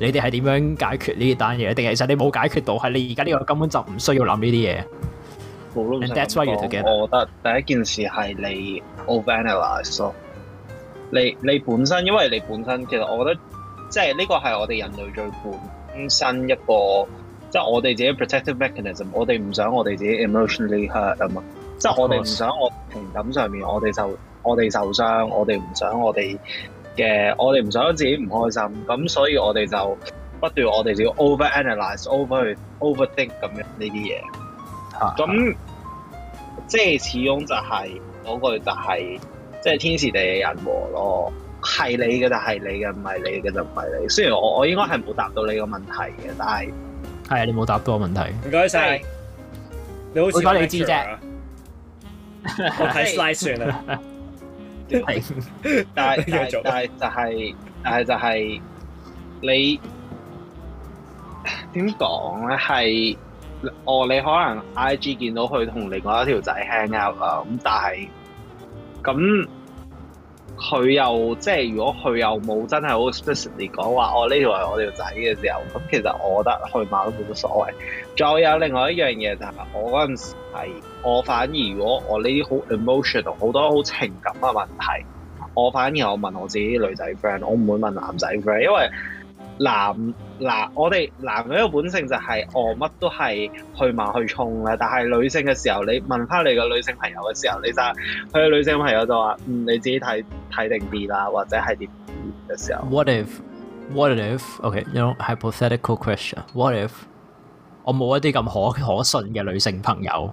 你哋係點樣解決呢單嘢？定係其實你冇解決到？係你而家呢個根本就唔需要諗呢啲嘢。And that's why you forget 我覺得第一件事係你 overanalyze 你你本身因為你本身其實我覺得即係呢個係我哋人類最本身一個即係、就是、我哋自己 protective mechanism。我哋唔想我哋自己 emotionally hurt 啊嘛。即、so, 係我哋唔想我情感上面我哋受我哋受傷，我哋唔想我哋。嘅，我哋唔想自己唔開心，咁所以我哋就不斷我哋要 over analyze over、over think 咁樣呢啲嘢。咁即係始終就係嗰句就係，即係、就是那個就是、天時地利人和咯。係你嘅就係你嘅，唔係你嘅就唔係你。雖然我我應該係冇答到你個問題嘅，但係係啊，你冇答到我的問題。唔該晒，hey. 你好我你，似、啊。你支持我係衰 (laughs) 但 (laughs) 係，但係， (laughs) 但係是 (laughs) 但是 (laughs) 就係，但係就係，你點講咧？係哦，你可能 I G 見到佢同另外一條仔 hang out 啊，咁但係，咁佢又即係如果佢又冇真係好 explicitly 講話，哦呢條係我條仔嘅時候，咁其實我覺得去馬都冇乜所謂。再有另外一樣嘢，就係我嗰陣時係。我反而，如果我呢啲好 emotional，好多好情感嘅問題。我反而我問我自己女仔 friend，我唔會問男仔 friend，因為男嗱我哋男女嘅本性就係哦乜都係去盲去衝啦。但係女性嘅時候，你問翻你嘅女性朋友嘅時候，你就係佢嘅女性朋友就話，嗯，你自己睇睇定啲啦，或者係點嘅時候。What if？What if？Okay，you know，呢個係 hypothetical question。What if 我冇一啲咁可可信嘅女性朋友？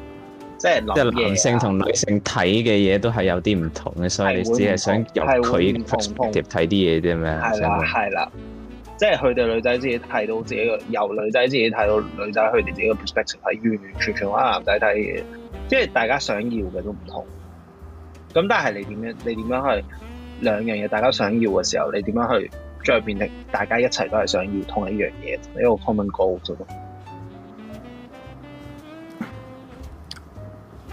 即係男即係男性同女性睇嘅嘢都係有啲唔同嘅，所以你只係想由佢 perspective 睇啲嘢啫咩？係啦，係啦，即係佢哋女仔自己睇到自己個，由女仔自己睇到女仔佢哋自己嘅 perspective 係完完全全揾男仔睇嘢，即係大家想要嘅都唔同。咁但係你點樣？你點樣去兩樣嘢？大家想要嘅時候，你點樣去再變力？大家一齊都係想要同一樣嘢，有 common g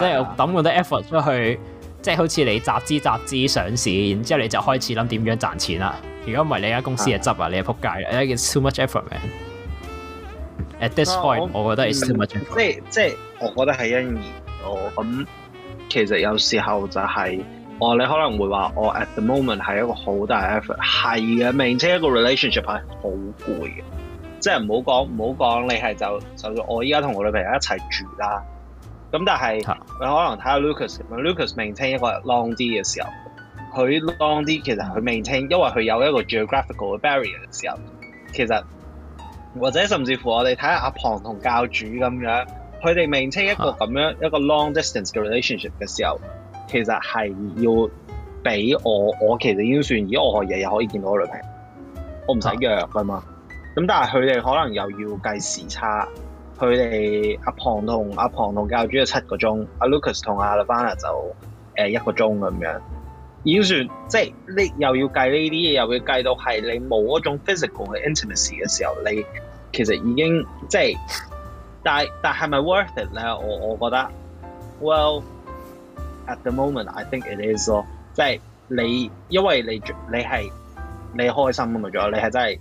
即係抌嗰啲 effort 出去，即係好似你集資集資上市，然之後你就開始諗點樣賺錢啦。如果唔係你間公司係執啊，你係撲街。I it's too much effort man. At this 我 point，我覺得 it's so much effort 即。即係即係，我覺得係因我咁，其實有時候就係、是、哦，你可能會話我 at the moment 係一個好大 effort。係嘅，維持一個 relationship 係好攰嘅。即係唔好講唔好講，你係就就算我依家同我女朋友一齊住啦。咁但係你、啊、可能睇下 Lucas，Lucas 命稱一個 long d 嘅時候，佢 long d 其實佢命稱，因為佢有一個 geographical barrier 嘅時候，其實或者甚至乎我哋睇下阿旁同教主咁樣，佢哋命稱一個咁樣、啊、一個 long distance 嘅 relationship 嘅時候，其實係要俾我，我其實已經算，而我可日日可以見到我女朋友，我唔使約噶嘛。咁、啊、但係佢哋可能又要計時差。佢哋阿旁同阿旁同教主有七個鐘，阿 Lucas 同阿 Lafana 就誒一個鐘咁樣，演算，即係呢又要計呢啲嘢，又要計到係你冇嗰種 physical 嘅 intimacy 嘅時候，你其實已經即係。但係，但係咪 worth it 咧？我我覺得，well at the moment I think it is 咯。即係你因為你你係你開心咁啊嘛，仲有你係真係。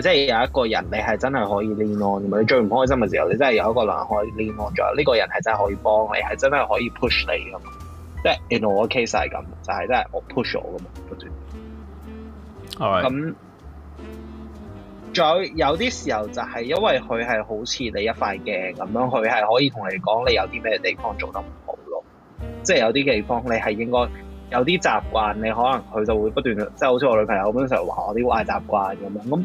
即係有一個人你，你係真係可以 lean on 你最唔開心嘅時候，你真係有一個人可以 lean on 咗，呢個人係真係可以幫你，係真係可以 push 你噶嘛？即係 in my case 係咁，就係真係我 push 我噶嘛不斷。咁，okay，仲有有啲時候就係因為佢係好似你一塊鏡咁樣，佢係可以同你講你有啲咩地方做得唔好咯。即係有啲地方你係應該有啲習慣，你可能佢就會不斷，即係好似我女朋友咁成日話我啲壞習慣咁樣咁。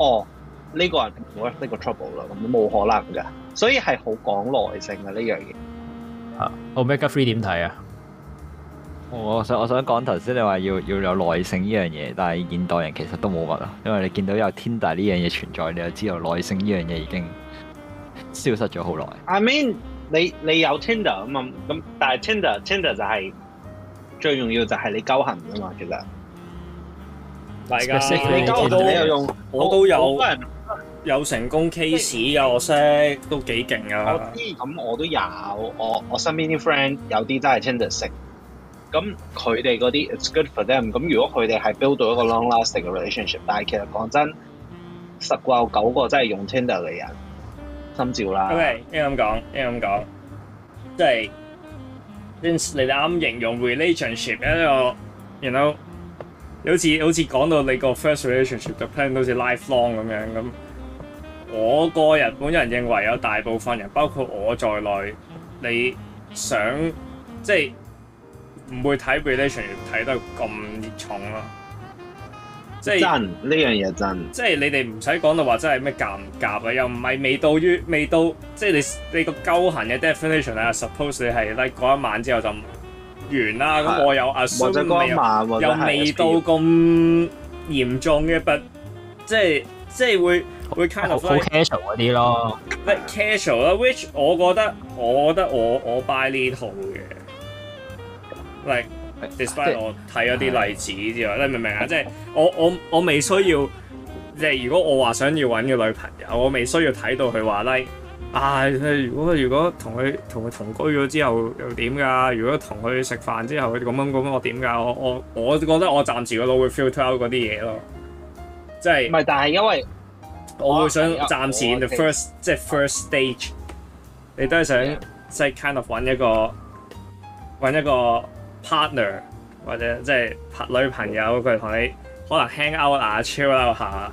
哦，呢、這個人唔會呢個 trouble 啦，咁冇可能噶，所以係好講耐性啊呢樣嘢。吓，Omakiri 點睇啊、哦？我想我想講頭先你話要要有耐性呢樣嘢，但係現代人其實都冇乜啊，因為你見到有 Tinder 呢樣嘢存在，你就知道耐性呢樣嘢已經消失咗好耐。I mean，你你有 Tinder 啊嘛、就是，咁但係 Tinder，Tinder 就係最重要就係你交行啊嘛，其實。大家識，你交都你又用，我,我都有我，有成功 case 噶，我識都幾勁噶。我啲咁我都有，我我身邊啲 friend 有啲真係 Tinder 識，咁佢哋嗰啲 It's good for them。咁如果佢哋係 build 到一個 long lasting 嘅 relationship，但係其實講真，十個有九個真係用 Tinder 嚟呀，心照啦。因為咁講，因為咁講，即係你哋啱形容 relationship 呢個，you know。好似好似講到你個 first relationship 嘅 plan 好似 lifelong 咁樣咁，我個人本人認為有大部分人包括我在內，你想即係唔會睇 relationship 睇得咁重咯、啊。真即係呢樣嘢真。即係你哋唔使講到話真係咩夾唔夾啊？又唔係未到於未到，即係你你個勾行嘅 definition 啊？Suppose 你係 like 嗰一晚之後就。完啦，啊，咁我有阿酸味，又未到咁嚴重嘅不，即係即係會會 kind of、like、casual 嗰啲咯，唔、like、係 casual 啦。which 我覺得我覺得我我 buy 呢套嘅，like despite 我睇咗啲例子之類，哎，你明唔明啊？即、就、係、是、我我我未需要即係、就是，如果我話想要揾個女朋友，我未需要睇到佢話 like。啊！如果如果同佢同佢同居咗之後又點噶？如果同佢食飯之後佢咁樣咁樣，我點噶？我我我覺得我暫時個腦會 feel 到嗰啲嘢咯，即係唔係？但係因為我會想暫時 first 即係 first stage，你都係想、啊、即係 kind of 揾一個揾一個 partner 或者即係拍女朋友佢同你可能 hang out 下、chill out 下。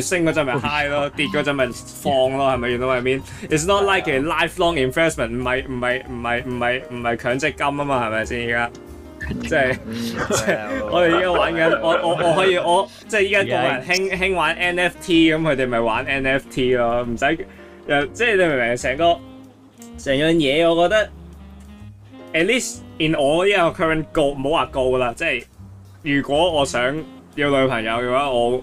升嗰陣咪 high 咯，跌嗰陣咪放咯，係 (laughs) 咪不是？原諒我係 mean。It's not like a lifelong investment，唔係唔係唔係唔係唔係強積金啊嘛，係咪先？而家 (laughs) 即係是 (laughs) 即係我哋依家玩緊， (laughs) 我我我可以我即係依家個人興興 (laughs) 玩 NFT 咁，佢哋咪玩 NFT 咯，唔使誒，即係你明唔明？成個成樣嘢，我覺得 at least in 我依個 current goal，唔好話 goal 啦，即係如果我想要女朋友嘅話，我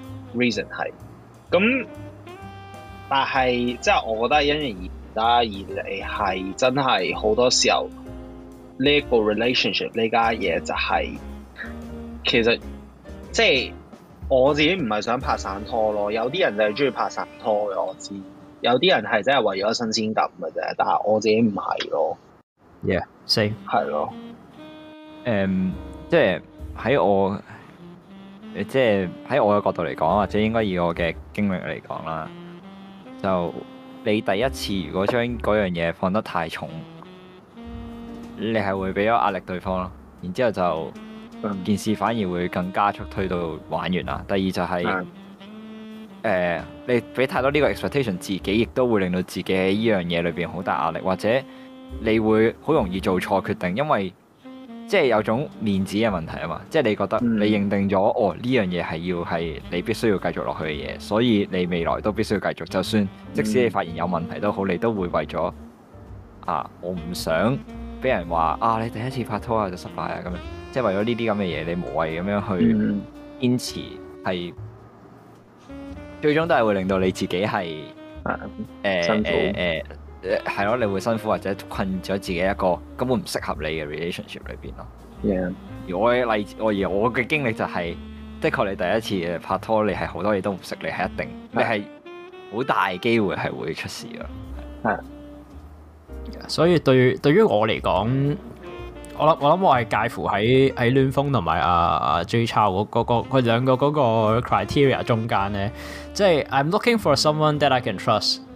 Reason 係咁，但係即係我覺得因人而啦，而係真係好多時候呢一個 relationship 呢家嘢就係、是、其實即係我自己唔係想拍散拖咯，有啲人就係中意拍散拖嘅，我知有啲人係真係為咗新鮮感嘅啫，但係我自己唔係咯。Yeah，say 係咯、um，誒即係喺我。即係喺我嘅角度嚟講，或者應該以我嘅經歷嚟講啦，就你第一次如果將嗰樣嘢放得太重，你係會俾咗壓力對方咯，然之後就件事反而會更加速推到玩完啦。第二就係、是誒、你俾太多呢個 expectation，自己亦都會令到自己喺呢樣嘢裏邊好大壓力，或者你會好容易做錯決定，因為。即係有種面子嘅問題啊嘛，即係你覺得你認定咗，嗯、哦呢樣嘢係要係你必須要繼續落去嘅嘢，所以你未來都必須要繼續，就算即使你發現有問題都好，你都會為咗啊，我唔想俾人話啊你第一次拍拖啊就失敗啊咁樣，即係為咗呢啲咁嘅嘢，你無謂咁樣去堅持，係，嗯、最終都係會令到你自己係誒，啊呃、辛苦。呃呃誒，係咯，你會辛苦或者困咗自己一個根本唔適合你嘅 relationship 裏邊咯。Yeah. 而我嘅例子，我而我嘅經歷就係、是，的確你第一次拍拖，你係好多嘢都唔識，你係一定，yeah. 你係好大機會係會出事咯。係、yeah.。所以對於對於我嚟講，我諗我諗我係介乎喺喺暖風同埋阿 J 超嗰個佢兩個嗰個 criteria 中間咧，即係 I'm looking for someone that I can trust。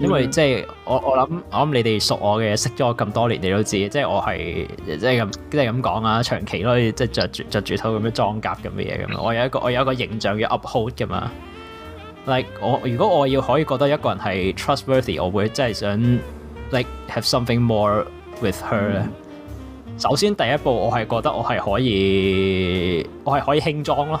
因為即係我我諗我諗你哋熟我嘅，識咗咁多年，你都知即係、就是、我係即係咁即係咁講啊，長期咯，即係着住套咁樣裝甲咁嘅嘢，咁我有一個我有一個形象要 uphold 嘅嘛。Like 我如果我要可以覺得一個人係 trustworthy，我會真係想、mm. like have something more with her。Mm. 首先第一步，我係覺得我係可以我係可以輕裝咯。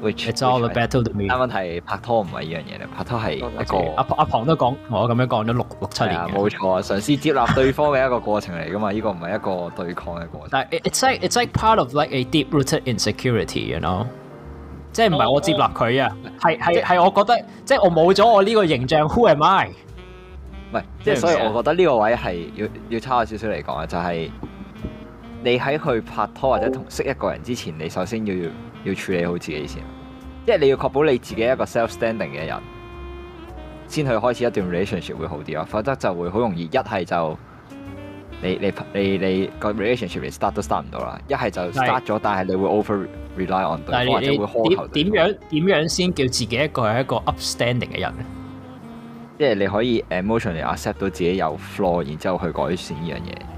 Which, it's all the battle. 啱啱提拍拖唔係呢樣嘢啦，拍拖係一個阿阿龐都講我咁樣講咗六六七年冇錯，嘗試接納對方嘅一個過程嚟噶嘛？呢 (laughs) 個唔係一個對抗嘅過程。但係 it's like it's like part of like a deep rooted insecurity，you know？、Oh. 即係唔係我接納佢啊？係係係， (laughs) 我覺得即係我冇咗我呢個形象 (laughs) ，Who am I？唔係，即係所以 (laughs) 我覺得呢個位係要要差少少嚟講啊，就係、是、你喺去拍拖或者同識一個人之前，你首先要要。要處理好自己先，即係你要確保你自己一個 self-standing 嘅人，先去開始一段 relationship 會好啲咯，否則就會好容易一係就你你你你個 relationship 你 start 都 start 唔到啦，一係就 start 咗，但係你會 over rely on 對方或者會開頭。點點樣點樣先叫自己一個係一個 upstanding 嘅人？即係你可以 emotionally accept 到自己有 flaw 然之後去改善呢樣嘢。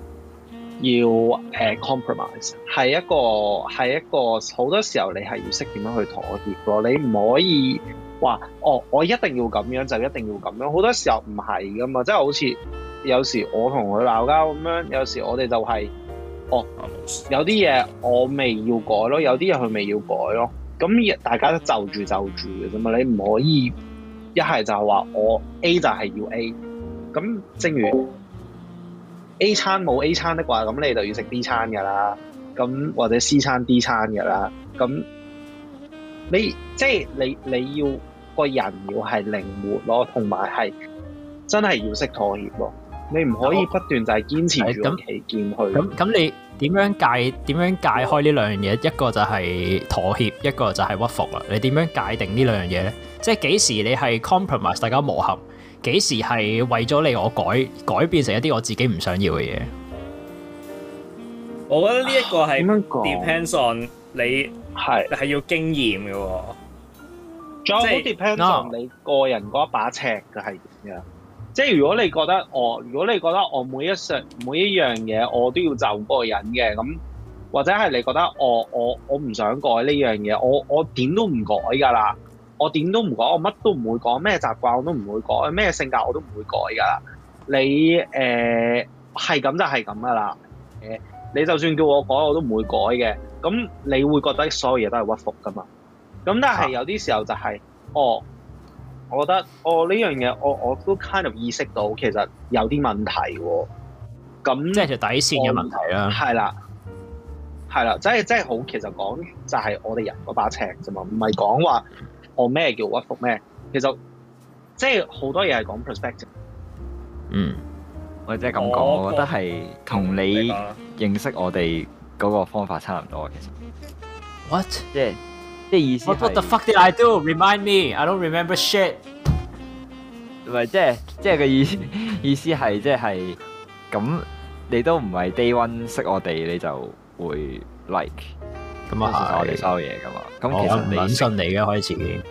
要誒、uh, compromise 係一個係一個好多時候你係要識點樣去妥協咯，你唔可以話我、哦、我一定要咁樣就一定要咁樣，好多時候唔係噶嘛，即、就、係、是、好似有時我同佢鬧交咁樣，有時我哋就係、是、哦有啲嘢我未要改咯，有啲嘢佢未要改咯，咁大家都就住就住嘅啫嘛，你唔可以一係就係話我 A 就係要 A，咁正如。A 餐冇 A 餐的話，咁你就要食 B 餐噶啦。咁或者 C 餐、D 餐噶啦。咁你即係、就是、你你要個人要係靈活咯，同埋係真係要識妥協咯。你唔可以不斷就係堅持住嗰啲見去。咁咁你點樣界點樣界開呢兩樣嘢？一個就係妥協，一個就係屈服啦。你點樣界定呢兩樣嘢咧？即係幾時你係 compromise 大家磨合？幾時係為咗你我改改變成一啲我自己唔想要嘅嘢？我覺得呢一個係 depends on、那個、你係係要經驗嘅，仲有 depends on、啊、你個人嗰一把尺嘅係點樣？即係如果你覺得我，如果你覺得我每一上每一樣嘢我都要就嗰個人嘅，咁或者係你覺得我我我唔想改呢樣嘢，我我點都唔改噶啦。我點都唔改，我乜都唔會改，咩習慣我都唔會改，咩性格我都唔會改噶啦。你誒係咁就係咁噶啦。誒、呃，你就算叫我改，我都唔會改嘅。咁你會覺得所有嘢都係屈服噶嘛？咁但係有啲時候就係、是啊，哦，我覺得哦呢樣嘢，我我都 kind of 意識到其實有啲問題喎、哦。咁呢條底線嘅問題啦。係啦，係啦、啊，真係真係好。其實講就係我哋人嗰把尺啫嘛，唔係講話。我咩叫屈服咩？其實即係好多嘢係講 perspective。嗯，或者係咁講，我覺得係同你認識我哋嗰個方法差唔多嘅。其實 what 即係即係意思？What the fuck did I do? Remind me? I don't remember shit。唔係即係即係個意思，意思係即係咁，你都唔係 day one 識我哋，你就會 like 咁啊？係我哋收嘢噶嘛？咁其實唔係信你嘅開始。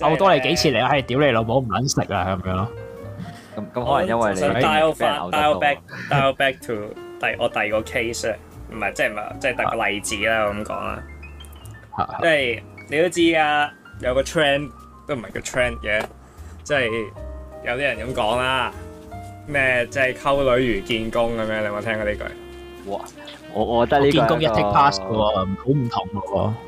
我、就是、多你幾次嚟啦，係屌你老母唔撚食啊咁樣咯。咁咁、嗯、可能因為你俾翻。Dial back to 第我第二個 case，唔係即係唔係即係第二個例子啦咁講啦。即係、 (laughs) 就是、你都知噶，有個 trend 都唔係個 trend 嘅、就是，即係有啲人咁講啦。咩即係溝女如見工咁樣？你有冇聽過呢句？哇，我我覺得呢句好唔同喎。Pass,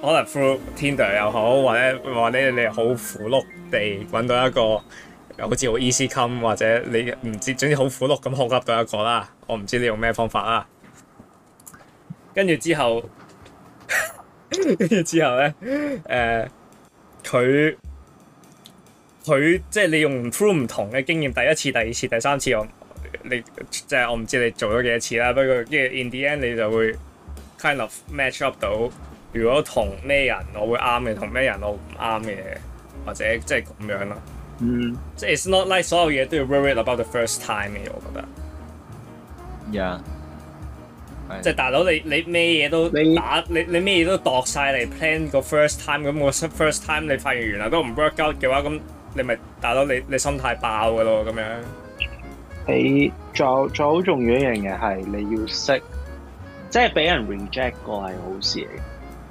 可能 through Tinder 又好，或者或者你好苦碌地揾到一個，好似好 easy come，或者你唔知，總之好苦碌咁 hold up 到一個啦。我唔知你用咩方法啦。跟住之後，跟 (laughs) 住之後呢，誒、呃，佢佢即係你用 through 唔同嘅經驗，第一次、第二次、第三次我，你即係、我你即係我唔知你做咗幾多次啦。不過跟住 in the end 你就會 kind of match up 到。如果同咩人我會啱嘅，同咩人我唔啱嘅，或者即係咁樣啦。嗯，即係 it's not like 所有嘢都要 worry about the first time 嘅，我覺得。Yeah。即係大佬，你你咩嘢都你打，你你咩嘢都度晒嚟 plan 個 first time。咁我 first time 你發現原來都唔 work out 嘅話，咁你咪大佬你你心態爆㗎咯，咁樣。你仲仲好重要一樣嘢係你要識，即係俾人 reject 個係好事嚟。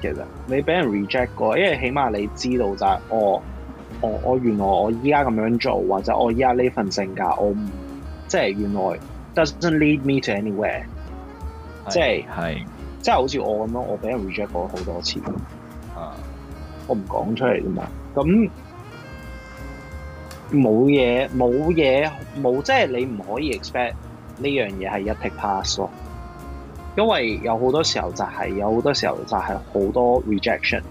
其實你俾人 reject 過，因為起碼你知道就係、是哦、我我我原來我依家咁樣做，或者我依家呢份性格，我唔即係原來 doesn't lead me to anywhere，即係係即係好似我咁咯，我俾人 reject 過好多次，啊，我唔講出嚟啫嘛，咁冇嘢冇嘢冇，即係、就是、你唔可以 expect 呢樣嘢係一 take pass 咯。因為有好多時候就係、是、有好多時候就係好多 rejection，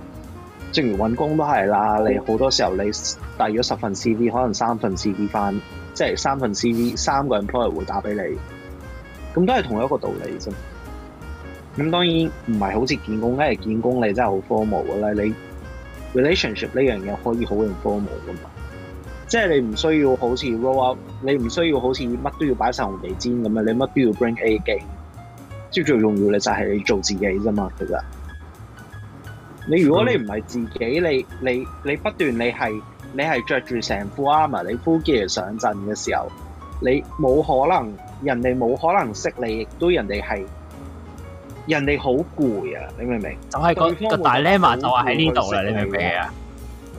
正如揾工都係啦，你好多時候你遞咗十份 CV，可能三份 CV 翻，即係三份 CV，三個 employer 會打俾你，咁都係同一個道理啫。咁當然唔係好似見工，因為見工你真係好 formal 噶啦，你 relationship 呢樣嘢可以好 informal 噶嘛，即係你唔需要好似 roll up，你唔需要好似乜都要擺晒紅地氈咁樣，你乜都要 bring A game。最重要嘅就係你做自己啫嘛，其實你如果你唔係自己，你你你不斷你係你係着住成副 armor 你 full gear 上陣嘅時候，你冇可能，人哋冇可能識你，亦都人哋係人哋好攰啊！你明唔明？就係、是那個 dilemma 就係喺呢度啦，你明唔明啊？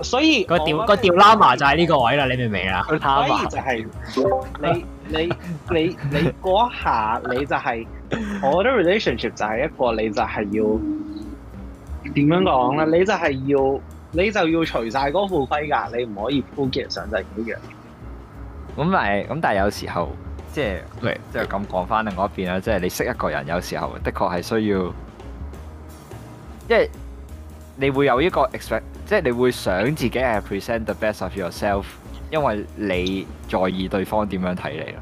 所以個吊個吊拉麻就喺呢個位啦，你明唔明啊？反而就係、是、你你你你嗰 (laughs) 下你就係、是。 (laughs) 我覺得 relationship 就係一個，你就係要點樣講咧？你就係要，你就，要，你就要除晒嗰副盔甲，你唔可以鋪上就係咁樣。咁咪咁？但係有時候即係，即係咁講翻另外一邊啦。即係你識一個人，有時候的確係需要，即係你會有一個 expect，即係你會想自己係 present the best of yourself，因為你在意對方點樣睇你啦。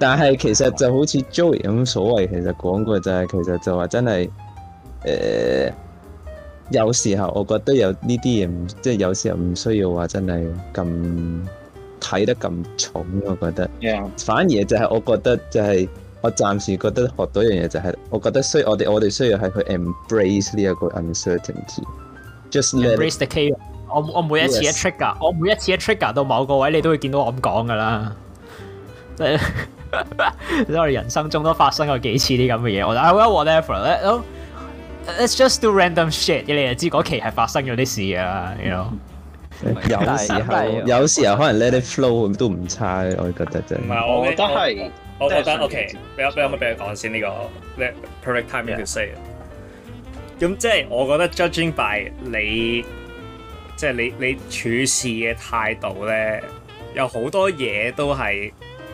但係其實就好似 Joey 咁所謂，其實講過就係、是、其實就話真係誒、呃，有時候我覺得有呢啲嘢，即、就、係、是、有時候唔需要話真係咁睇得咁重，我覺得。Yeah. 反而就係我覺得就係、是、我暫時覺得學到一樣嘢就係、是，我覺得需我哋我哋需要係去 embrace 呢一個 uncertainty just it,、yeah.。just embrace the chaos。我我每一次一 trigger，、yes. 我每一次一 trigger 到某個位，你都會見到我咁講噶啦。 (laughs) 都 (laughs) 係人生中都發生過幾次啲咁嘅嘢，我但 I will whatever，let's just do random shit，你哋就知嗰期係發生咗啲事啊。有有時候， (laughs) 有時候可能 Let it flow 都唔差，我覺得真。唔係，我覺得係，okay, okay, 我，我，這個要嗯嗯、我覺得 OK。比較比較，我俾你講先呢個。Perfect time to say。咁即係我覺得 judging by 你，即係你你處事嘅態度咧，有好多嘢都係。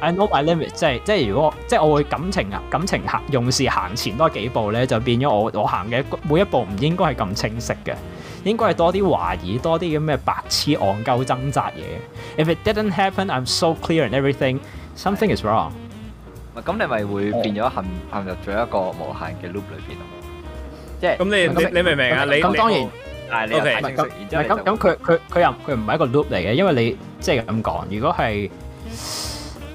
I know my limit，即係即係如果即係、就是、我會感情啊，感情行用事行前多幾步咧，就變咗我我行嘅每一步唔應該係咁清晰嘅，應該係多啲懷疑，多啲咁嘅白痴戇鳩掙扎嘢。If it didn't happen, I'm so clear in everything. Something is wrong。咁你咪會變咗陷陷入咗一個無限嘅 loop 裏邊咯。即係咁、嗯，你、嗯、你明唔明啊？你咁當然，係你又睇咁咁佢佢佢又佢唔係一個 loop 嚟嘅，因為你即係咁講，如果係。嗯嗯嗯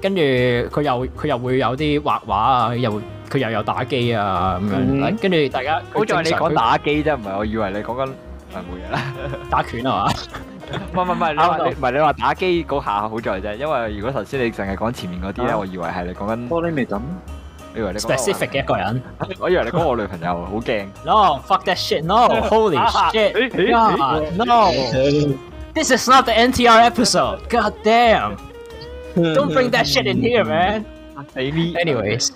跟住佢又佢又會有啲畫畫啊，又佢又有打機啊咁樣。跟住大家，好在你講打機啫，唔係我以為你講緊乜嘢？打拳啊嘛？唔唔唔，你話你唔係你話打機嗰下好在啫，因為如果頭先你淨係講前面嗰啲咧，我以為係你講緊 Specific 嘅一個人，我以為你講我女朋友，好驚。No fuck that shit! No holy shit! 哎呀！No this is not the NTR episode. God damn! Don't bring that shit in here, man. Anyways,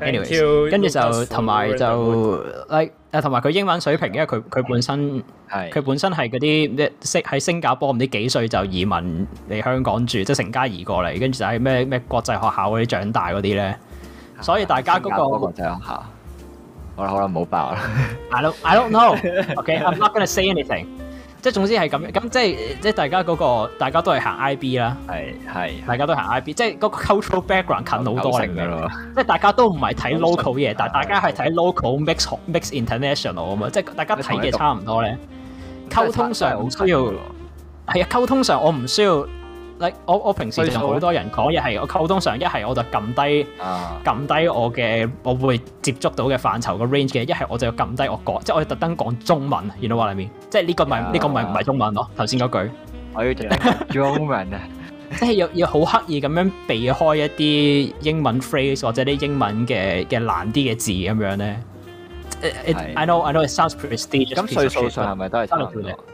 anyways，跟住就同埋就 like，誒同埋佢英文水平，因為佢佢本身係佢本身係嗰啲咩星喺新加坡唔知幾歲就移民嚟香港住，即係成家移過嚟，跟住就喺咩咩國際學校嗰啲長大嗰啲咧。所以大家嗰個國際學校，好啦好啦，唔好爆啦。I don't I don't know. Okay, I'm not gonna say anything. 即係總之係咁樣，咁即係即係大家嗰，那個大家都係行 IB 啦，係係，大家都行 IB，即係嗰個 cultural background 近好多嚟嘅，即係大家都唔係睇 local 嘢，但係大家係睇 local，哎，mix mix international 啊，嗯、嘛，即係大家睇嘅差唔多咧，溝通上唔需要，係啊溝通上我唔需要。Like, 我我平時同好多人講嘢，係我溝通上一係我就撳低撳低我嘅我會接觸到嘅範疇個 range 嘅，一係我就要撳低我講，即係我要特登講中文。原來話裏面，即係呢個唔係呢個唔係唔係中文咯。頭先嗰句我要講中文啊，即係要要好刻意咁樣避開一啲英文 phrase 或者啲英文嘅嘅難啲嘅字咁樣咧。I know, I know,it sounds pretty prestigious。咁歲數上係咪都係？ (laughs)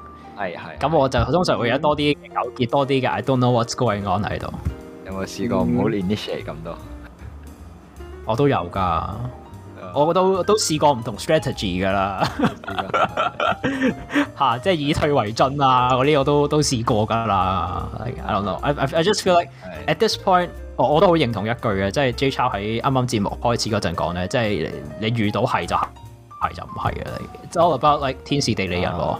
係係，咁我就通常會有多啲糾、嗯、結多啲嘅，I don't know what's going on 喺度。有冇試過唔好 i 啲 i t i 咁多、嗯？我都有噶、嗯，我都都試過唔同 strategy 噶啦。吓、嗯，嗯、 (laughs) (laughs) 即係以退為進啊，嗰啲我個都都試過噶啦、嗯。I don't know，I I just feel like at this point，我我都好認同一句嘅，即係 J 超喺啱啱節目開始嗰陣講咧，即係你，你遇到係就係、是、就唔係啊，即係 a l about like 天時地利人。啊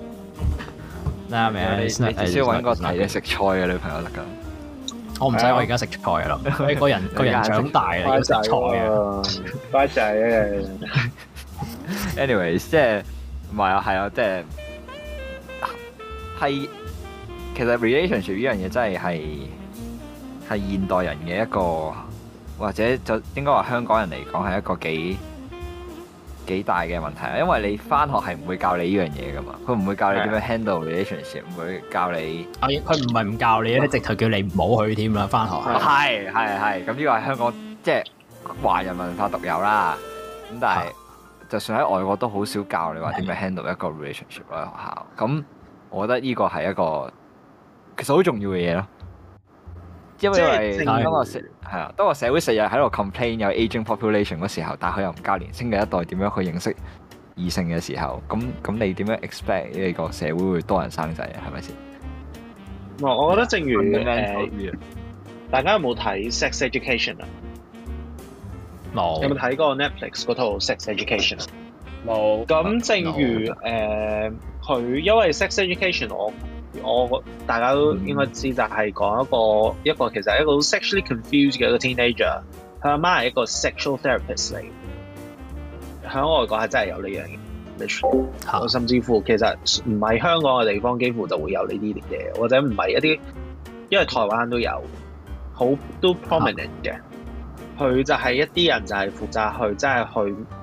啱你先係，至揾個嘢食菜嘅女朋友得噶。我唔使，我而家食菜啦。個人，個人長大 (laughs) 要食菜嘅，拜 (laughs) 謝 (laughs) anyway。Anyways，即係，唔係啊，係啊，即、啊、係、係、啊。其實 relationship 呢樣嘢真係係係現代人嘅一個，或者就應該話香港人嚟講係一個幾幾大嘅問題啊。因為你翻學係唔會教你呢樣嘢噶嘛，佢唔會教你點樣 handle relationship，唔會教你。啊，佢唔係唔教你啊，直頭叫你唔好去添啦。翻學係。係係係，咁呢個係香港即係華人文化獨有啦。咁但係，啊，就算喺外國都好少教你話點樣 handle 一個 relationship 喺學校。咁我覺得呢個係一個其實好重要嘅嘢咯。因為咁啊，係啊，當個社會成日喺度 complain 有 aging population 嗰時候，但係佢又唔教年輕嘅一代點樣去認識異性嘅時候，咁咁你點樣 expect 呢個社會會多人生仔啊？係咪先？我我覺得正如、呃、大家有冇睇 Sex Education 啊？冇。有冇睇過 Netflix 嗰套 Sex Education 啊？冇。咁正如誒，佢、no. 呃、因為 Sex Education 我。我大家都應該知，就係講一個、嗯、一個其實一個好 sexually confused 嘅一個 teenager，佢阿媽係一個 sexual therapist 嚟。喺外國係真係有呢樣嘢，甚至乎其實唔係香港嘅地方，幾乎就會有呢啲嘢，或者唔係一啲，因為台灣都有好都 prominent 嘅、嗯，佢就係一啲人就係負責去，真、就、係、係、去。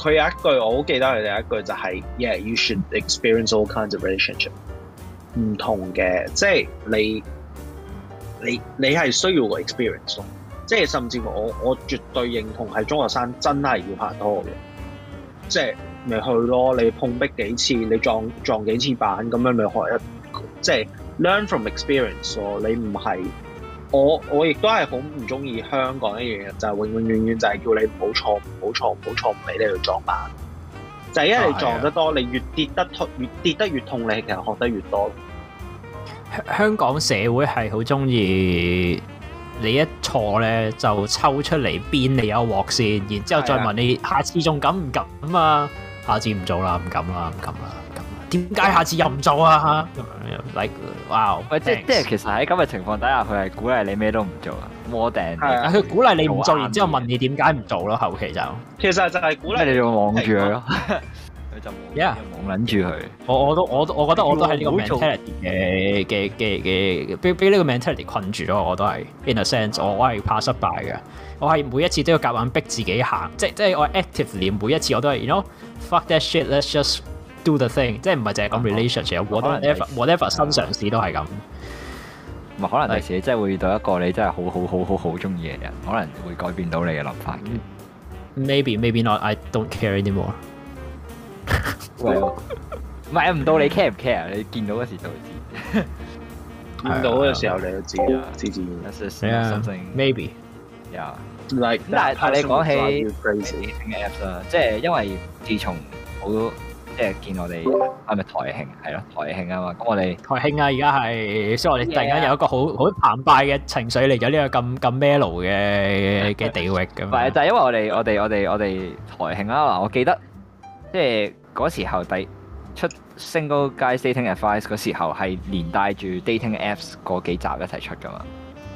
佢有一句我好記得佢有一句就係，Yeah, you should experience all kinds of relationship。唔同嘅，即係你你你係需要個 experience 咯。即係甚至乎我我絕對認同係中學生真係要拍拖嘅，即係咪去咯？你碰壁幾次，你撞撞幾次板，咁樣咪學一即係 learn from experience 咯。你唔係。我我亦都係好唔中意香港一樣嘢，就係永永遠遠就係叫你唔好錯，唔好錯，唔好錯，唔俾你去撞板。就係因為你撞得多，你越跌得痛，越跌得越痛，你其實學得越多。香港社會係好中意你一錯咧，就抽出嚟鞭你有鑊先，然之後再問你下次仲敢唔敢啊？下次唔做啦，唔敢啦，唔敢啦。點解下次又唔做啊？吓 (laughs) like 哇！喂，即係即係，其實喺咁嘅情況底下，佢係鼓勵你咩都唔做啊。more 定佢鼓勵你唔做，然之後問你點解唔做咯？後期就其實就係鼓勵你仲望住佢咯，佢 (laughs) 就呀望緊住佢。我我都我都我，都我覺得我都喺呢個 mentality 嘅嘅嘅嘅被被呢個 mentality 困住咯。我都係 in a sense，我我係怕失敗嘅，我係每一次都要夾硬逼自己行。即即係我 actively 每一次我都係，you know fuck that shit，let's just Do the thing，即係唔係淨係講 relationship，我覺得 whatever 新嘗試都係咁。唔係可能第時你真係會遇到一個你真係好好好好好中意嘅人，可能會改變到你嘅諗法。Maybe maybe not，I don't care anymore。唔係啊，唔到你 care 唔 care，你見到嗰時就會知。見到嗰時候你都知啦，知知。係啊。Maybe。Yeah。Like，但係但係你講起啲新嘅 apps 啊，即係因為自從好多。即係見我哋係咪台慶係咯台慶啊嘛，咁我哋台慶啊，而家係所以我哋突然間有一個好好澎湃嘅情緒嚟咗呢個咁咁 mellow 嘅嘅地域咁。係就是、因為我哋我哋我哋我哋台慶啊，我記得即係嗰時候第出 single guy dating advice 嗰時候係連帶住 dating apps 嗰幾集一齊出噶嘛。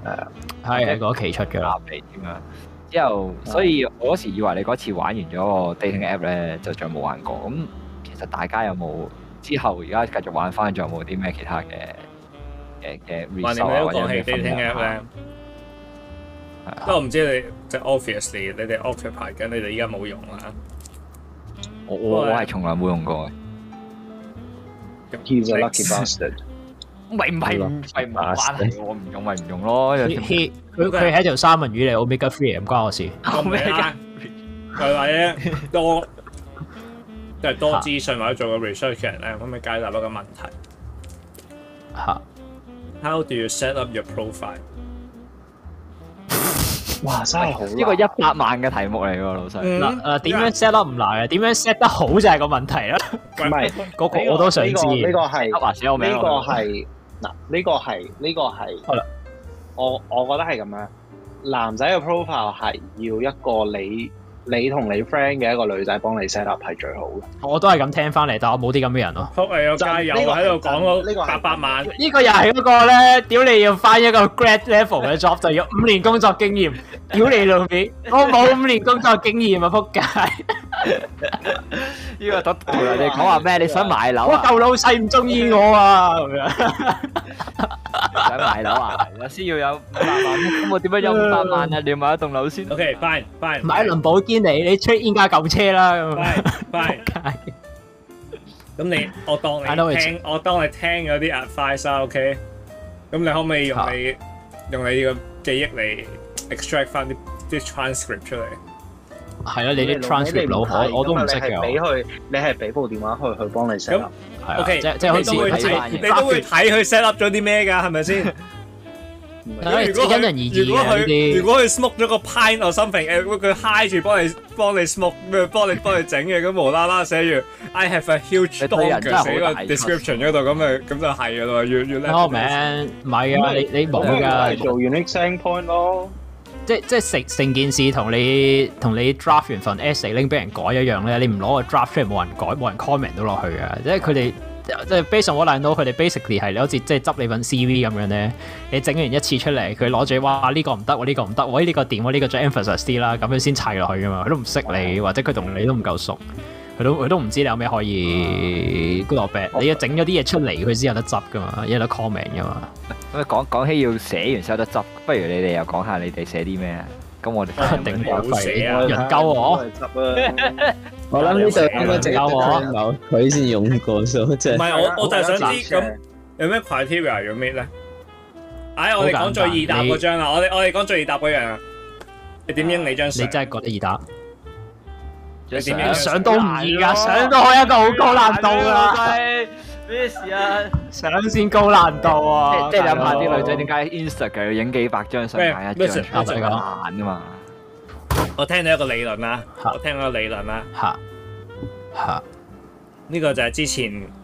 係啊，係、uh, 一、那個期出噶啦、嗯。之後所以我嗰時以為你嗰次玩完咗個 dating app 咧就再冇玩過咁。其實大家有冇之後而家繼續玩翻，仲有冇啲咩其他嘅？誒誒，research 或者咩分享一下？不過唔知你即係 obviously，你哋 occupy 緊，你哋依家冇用啦。我我我係從來冇用過嘅。咁 he is a lucky bastard。咪咪咪唔玩，我唔用咪唔用咯。佢佢佢係一條三文魚嚟，omega three 唔關我事。做咩嘅？係咪多？即係多資訊或者做個 research 嘅人咧，可唔可以解答到個問題？嚇？How do you set up your profile？哇！真係好，一個一百萬嘅題目嚟喎，老細。嗱，誒點樣 set up 唔難啊？點樣 set 得好就係個問題啦。唔係嗰個我都想知。呢個係黑華仔我名啊嘛。呢個係嗱，呢個係呢個係。係啦，我我覺得係咁樣。男仔嘅 profile 係要一個你。你同你 friend 嘅一個女仔幫你 set up 係最好嘅，我都係咁聽翻嚟，但我冇啲咁嘅人咯。仆街又加油，呢個喺度講到八百萬，呢個又係嗰個咧，屌你要翻一個 grade level 嘅 job 就要五年工作經驗，屌你老味，我冇五年工作經驗啊，仆街。呢個得圖啦，你講話咩？你想買樓啊？舊老細唔中意我啊，咁樣想買樓啊？我先要有五百萬，咁我點樣有五百萬啊？你要買一棟樓先？OK，fine，fine，買一輪保。你你出依架舊車啦咁，咁你我當你聽，我當你聽嗰啲 advice 啦。OK，咁你可唔可以用你用你個記憶嚟 extract 翻啲啲 transcript 出嚟？係咯，你啲 transcript 我我都唔識嘅。咁你係俾佢，你係俾部電話佢去幫你 set up。OK，即即係佢都會睇，你都會睇佢 set up 咗啲咩㗎？係咪先？咁如果他、啊、人而如果佢如果佢 smoke 咗個 pine or something，誒佢佢 high 住幫你幫你 smoke 咩幫你幫你整嘅。咁無啦啦寫住 (laughs) I have a huge dog 嘅、啊、description 嗰、啊、度，咁咪咁就係咯，要要叻。我名唔係嘅你你冇㗎，做完 unique standpoint 咯、啊。即係即係成成件事同你同你 draft 完份 essay 拎俾人改一樣咧，你唔攞個 draft 出嚟，冇人改，冇人 comment 到落去嘅，即係佢哋。即係 basically 佢哋 basically 係好似即係執你份 CV 咁樣咧，你整完一次出嚟，佢攞住哇呢個唔得，我呢個唔得，喂呢個掂？呢個最 emphasize 啲啦，咁樣先砌落去噶嘛，佢都唔識你，或者佢同你都唔夠熟，佢都佢都唔知你有咩可以 good or bad。你要整咗啲嘢出嚟，佢先有得執噶嘛，有得 comment 噶嘛。咁啊，講講起要寫完先有得執，不如你哋又講下你哋寫啲咩啊？咁我哋一定冇費啊！人救我？我諗呢度應該只溝啊，佢先用過數，即唔係我？我就係想知咁有咩 criteria 有咩咧？唉，我哋講最易答嗰張啦，我哋我哋講最易答嗰樣啊！你點影你張？你真係覺得易答？你想都唔易啊！想都係一個好高難度噶。啊啊啊啊啊啊啊咩事啊？上線高難度啊！即係諗下啲女仔點解 Instagram 要影幾百張相、啊，拍一張就萬啊嘛！我聽到一個理論啦，我聽到一個理論啦，嚇嚇，呢、呢個就係之前。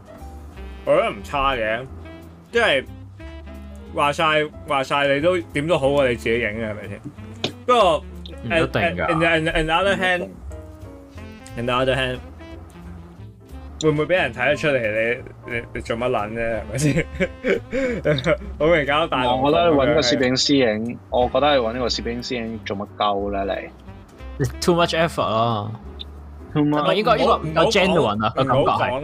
我覺得唔差嘅，即係話曬話曬，你都點都好過你自己影嘅係咪先？不過誒，another hand，another hand，會唔會俾人睇得出嚟？你你你做乜撚啫？係咪先？我明搞大，我覺得你揾個攝影師影，我覺得你揾個攝影師影做乜鳩咧？你 too much effort 啊？係咪應該應該唔夠 gentleman 個感覺係？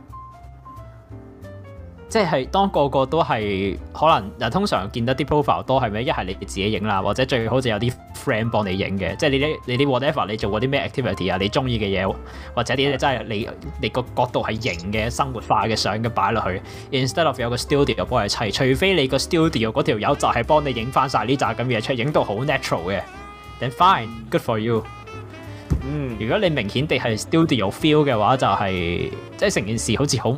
即係當個個都係可能，嗱、啊、通常見得啲 profile 多係咩？一係你自己影啦，或者最好就有啲 friend 幫你影嘅。即係你啲你啲 whatever，你做過啲咩 activity 啊？你中意嘅嘢，或者啲真係你你個角度係型嘅生活化嘅相嘅擺落去，instead of 有個 studio 幫你砌，除非你個 studio 嗰條友就係幫你影翻晒呢扎咁嘅嘢出，影到好 natural 嘅，then fine good for you。嗯，如果你明顯地係 studio feel 嘅話，就係、係、即係成件事好似好。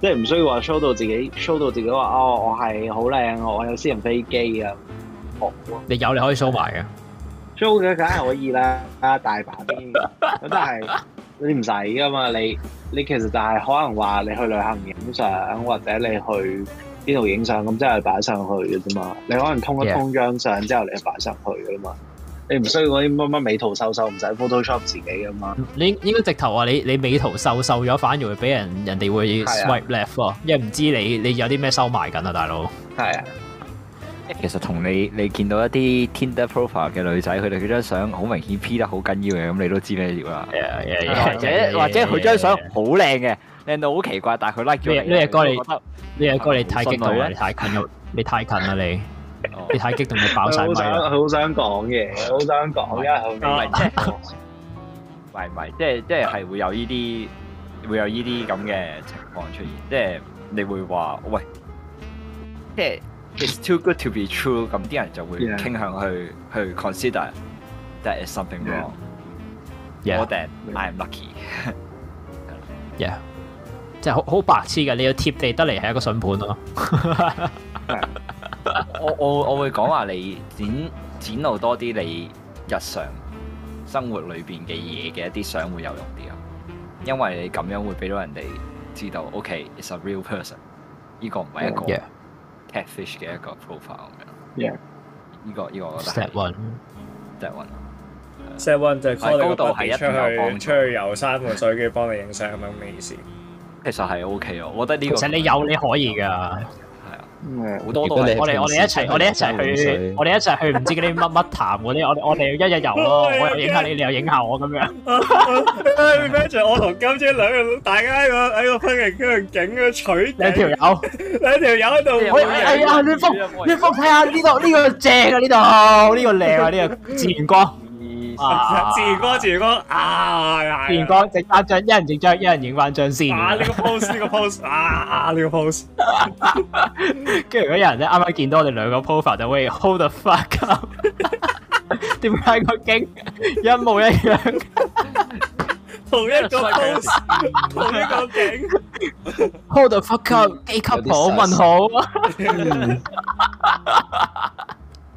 即係唔需要話 show 到自己，show 到自己話哦，我係好靚，我有私人飛機啊！哦，你有你可以 show 埋嘅，show 嘅梗係可以啦， (laughs) 大把啲。咁但係你唔使噶嘛，你你其實就係可能話你去旅行影相，或者你去邊度影相，咁即係擺上去嘅啫嘛。你可能通一通張相、yeah. 之後，你就擺上去噶啦嘛。你唔需要嗰啲乜乜美圖秀秀，唔使 Photoshop 自己噶嘛？你應該直頭話你你美圖秀秀咗，反而會俾人人哋會 Swipe left 啊！因為唔知你你有啲咩收埋緊啊，大佬？係啊。其實同你你見到一啲 Tinder profile 嘅女仔，佢哋嗰張相好明顯 P 得好緊要嘅，咁你都知咩料啦？係啊係啊，或者或者佢張相好靚嘅，靚到好奇怪，但係佢 like 咗你，呢隻歌你覺得呢隻歌你太勁啊？太近啊！你太近啦你。你太激動，你爆晒米啦！好想，好想講嘅，好想講，因為後面唔係，即係，即係係會有呢啲，會有呢啲咁嘅情況出現，即係你會話，喂，即係，it's too good to be true，咁啲人就會傾向去去 consider that is something more，more than I'm lucky，yeah，即係好好白痴噶，你要貼地得嚟係一個筍盤咯。 (laughs) 我我我會講話你展展露多啲你日常生活裏邊嘅嘢嘅一啲相會有用啲啊，因為你咁樣會俾到人哋知道，OK，it's、okay, a real person，呢個唔係一個 catfish 嘅一個 profile 咁樣。呢、oh, yeah. 這個呢、這個我覺得 step one，step one，step one 就 one,、uh, one, call 度你出去出去遊山玩水，跟住幫你影相，咁樣咩意思？ (laughs) 其實係 OK 啊，我覺得呢個其實你有你可以㗎。好多都係，我哋我哋一齊，我哋一齊去，我哋一齊去唔知嗰啲乜乜潭嗰啲，我我哋一日遊咯，我又影下你，你又影下我咁樣。我同金姐兩， (laughs) 兩個大家喺、這個喺度昆明嗰度整嗰度取景，兩條友，兩條友喺度，哎呀，你幅你幅睇下呢度呢個正啊，呢度呢個靚啊，呢、這個自然光。 (laughs) 自然光，自然光，自然光，整翻張，一人整張，一人影翻張先。啊，呢個 pose，呢個 pose，啊啊，呢個 pose。跟住如果有人咧，啱啱見到我哋兩個 profile 就，Wait，Hold the fuck up，點解個景一模一樣？同一個 pose，同一個景。Hold the fuck up，幾級好問號？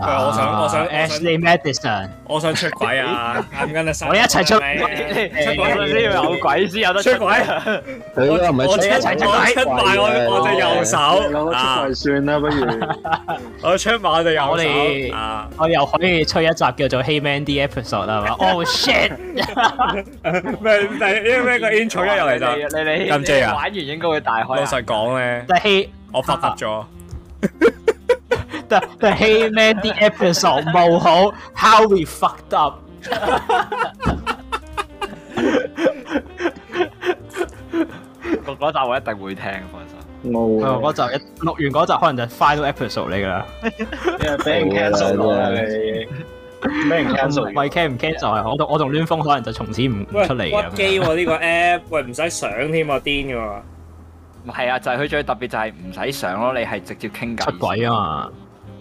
我想我想，啊、我想 Ashley 我想 Madison，我想出軌啊！ (laughs) 我一齊出、啊，出軌先有鬼先有得出軌我一齊出軌、啊啊，我出賣我隻右手啊！我出軌算啦，不如我出賣、啊、 (laughs) 我隻右手啊， (laughs) 我軌啊 (laughs) 我！我又可以出一集叫做《He Man》的 episode 啦嘛！Oh shit！咩？係因為個 intro 一入嚟，就你你咁追啊？ (laughs) (laughs) 什 (laughs) 玩完應該會大開、啊。老實講咧，Hay- 我發達咗。The, the Hey Man, e p i s o d e 冇 (laughs) 好，How We Fucked Up。 (laughs) 嗰 (laughs) 集我一定會聽，放心。冇、no. 哦。佢話嗰集一錄完嗰集，可能就係 Final Episode 嚟噶啦。畀人 cancel 啊你？畀人 cancel？喂，cancel 唔 cancel？係我同我同暖風可能就從此唔出嚟啊。屈機喎，呢個 app，喂唔使上添啊癲噶。唔係啊，就係、是、佢最特別就係唔使上咯，你係直接傾偈。出軌啊嘛。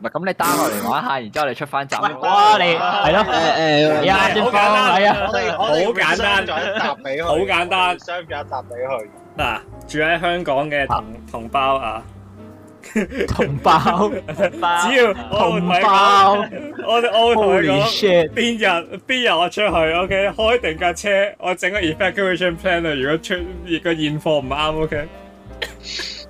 唔係咁，你單我嚟玩下，然之後你出翻閘。哇，你係咯，誒誒，呀，好簡單，係啊，好簡單，再一集俾佢，好簡單，雙夾集俾佢。嗱，住喺香港嘅同同胞啊，同胞，只要同胞，我我會同你講，邊日邊日我出去，OK，開定架車，我整個 evacuation plan 啊。如果出個現貨唔啱，OK。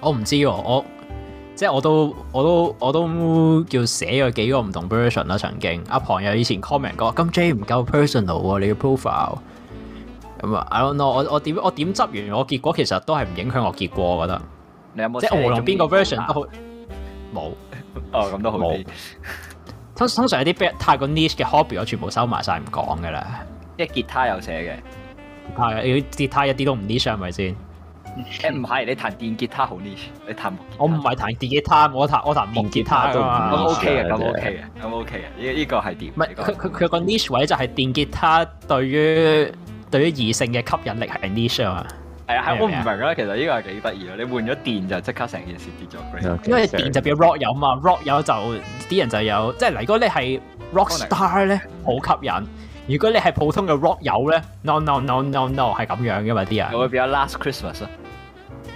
我唔知道我即係我都我都我都叫寫咗幾個唔同 version 啦，曾經阿龐有以前 comment 過，咁 J 唔夠 personal 喎、啊，你嘅 profile 咁啊，I don't know，我我點我點執完我結果其實都係唔影響我結果，我覺得。你有冇？即係無論邊個 version 都好，冇。哦，咁都好。通通常有啲太過 niche 嘅 hobby，我全部收埋晒唔講噶啦。即係吉他有寫嘅。吉他有吉他一啲都唔 niche，係咪先？誒、 (laughs) 欸，唔係，你彈電吉他好 niche，你彈木吉他我唔係彈電吉他，我彈我彈木吉他啊嘛，都、嗯、OK 嘅，咁、嗯、OK 嘅，咁、yeah, OK 嘅，呢、yeah. 呢、okay 呢個係電唔佢佢佢個 niche 位就係電吉他對於對於異性嘅吸引力係 niche 啊，係啊，係我唔明啦，其實呢個係幾得意啊，你換咗電就即刻成件事跌咗，yeah, okay, 因為電就變 rock 友啊嘛，yeah,，rock 友就啲人就有，即係如果你係 rock star 咧好吸引，如果你係、yeah, 普通嘅 rock 友咧、yeah,，no no no no no 係、no, 咁樣嘅嘛啲人，會比較 Last Christmas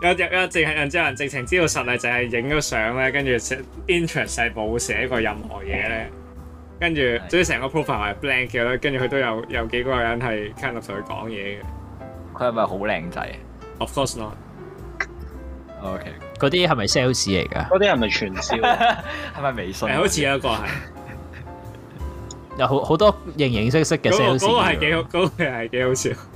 有有有，直有人直情知道實例就係影咗相咧，跟住 interest 係冇寫過任何嘢咧，跟住所以成個 profile 係 blank 嘅啦。跟住佢都有有幾個人係 can up 同佢講嘢嘅。佢係咪好靚仔？Of course not。OK，嗰啲係咪 sales 嚟噶？嗰啲係咪傳銷？係 (laughs) 咪微信 (laughs) (laughs) 好？好似有一個係。有好好多形形色色嘅 sales。嗰個係幾好，高個係幾好笑。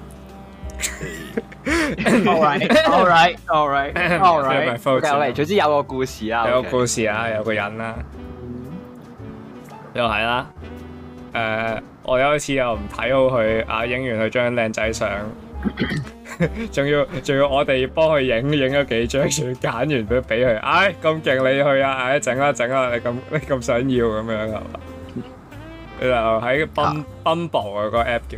All right, all right, all right, all right。有嚟，總之有個故事啊，有個故事啊，有個人啦，又係啦。誒，我有一次又唔睇好佢，啊，影完佢張靚仔相，仲要仲要我哋幫佢影影咗幾張，仲要揀完俾俾佢。哎，咁勁你去啊！哎，整啊整啊，你咁你咁想要咁樣啊？佢就喺 Bumble 啊個 app 叫。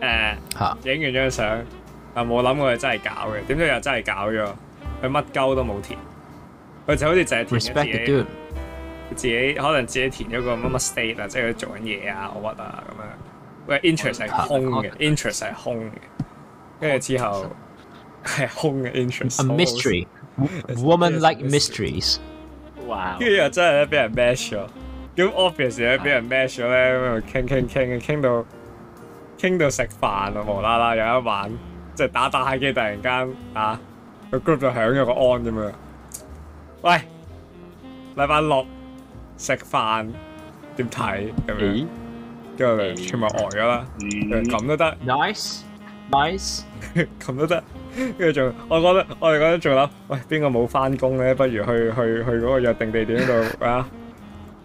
誒，影完張相，但冇諗過佢真係搞嘅，點解又真係搞咗，佢乜鳩都冇填，佢就好似淨係填自己，自己可能自己填咗個乜乜 state 啊，即係佢做緊嘢啊 what 啊咁樣，喂 interest 係空嘅，interest 係空，跟住之後係空嘅 interest a。A mystery woman like mysteries。哇！跟住又真係俾人 match 咗，咁、uh. obviously 俾人 match 咧，咁樣傾傾傾傾傾到。傾到食飯啊，無啦啦有一晚，即係打打下機，突然間啊個 group 就響咗個 on 咁樣。喂，禮拜六食飯點睇咁樣？跟住，欸，全部呆咗啦？咁都得，nice，nice，咁都得。跟住仲，我覺得我哋覺得仲諗，喂，邊個冇翻工咧？不如去去去嗰個約定地點度啊！ (laughs)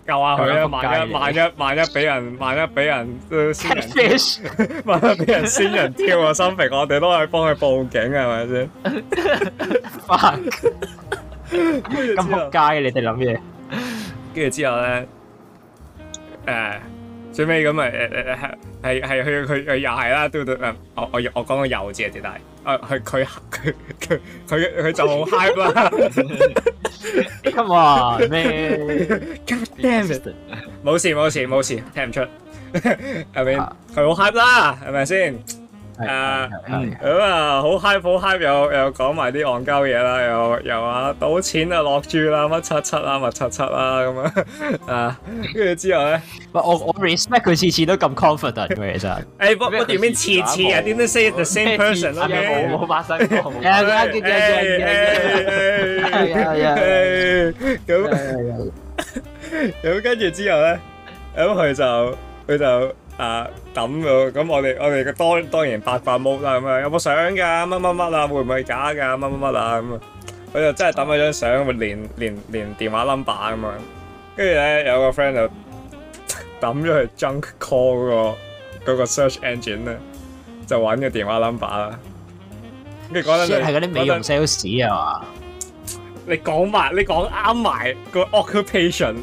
救下佢啊！萬一萬一萬一俾人萬一俾人，一人都仙人跳、Catfish? 萬一俾人仙人跳啊！心平我哋都可以幫佢報警啊！係咪先 fuck 咁撲街你哋諗嘢。跟住之後咧，誒、呃、最尾咁咪誒誒係係係去去去遊啦！對對誒我我我講個遊字啊，兄弟。誒係佢，佢佢佢佢就好 high 啦！Come on，咩？God damn！冇事冇事冇事，聽唔出。I mean，佢好 high 啦，係咪先？啊咁啊好 high 好 high 又又講埋啲戇鳩嘢啦，又又話賭錢啊落注啦，乜七七啦乜七七啦咁樣啊、, (music) hey, 啊，啊，啊跟住之後咧，我我 respect 佢次次都咁 confident 嘅其實。誒，不不點解次次啊？點都 say the same person 咯嘅。冇冇發生過。誒誒誒誒誒誒誒誒誒誒誒誒誒啊抌咗。咁我哋我哋嘅當當然八卦毛啦咁啊，有冇相噶？乜乜乜啊？會唔會假噶？乜乜乜啊咁啊？佢就真係抌咗張相，連連連電話 number 咁啊！跟住咧有個 friend 就抌咗去 junk call 嗰、嗰個嗰個 search engine 咧，就揾個電話 number 啦、就是。即係嗰啲美容 sales 啊、就是？嘛、就是就是，你講埋你講啱埋個 occupation。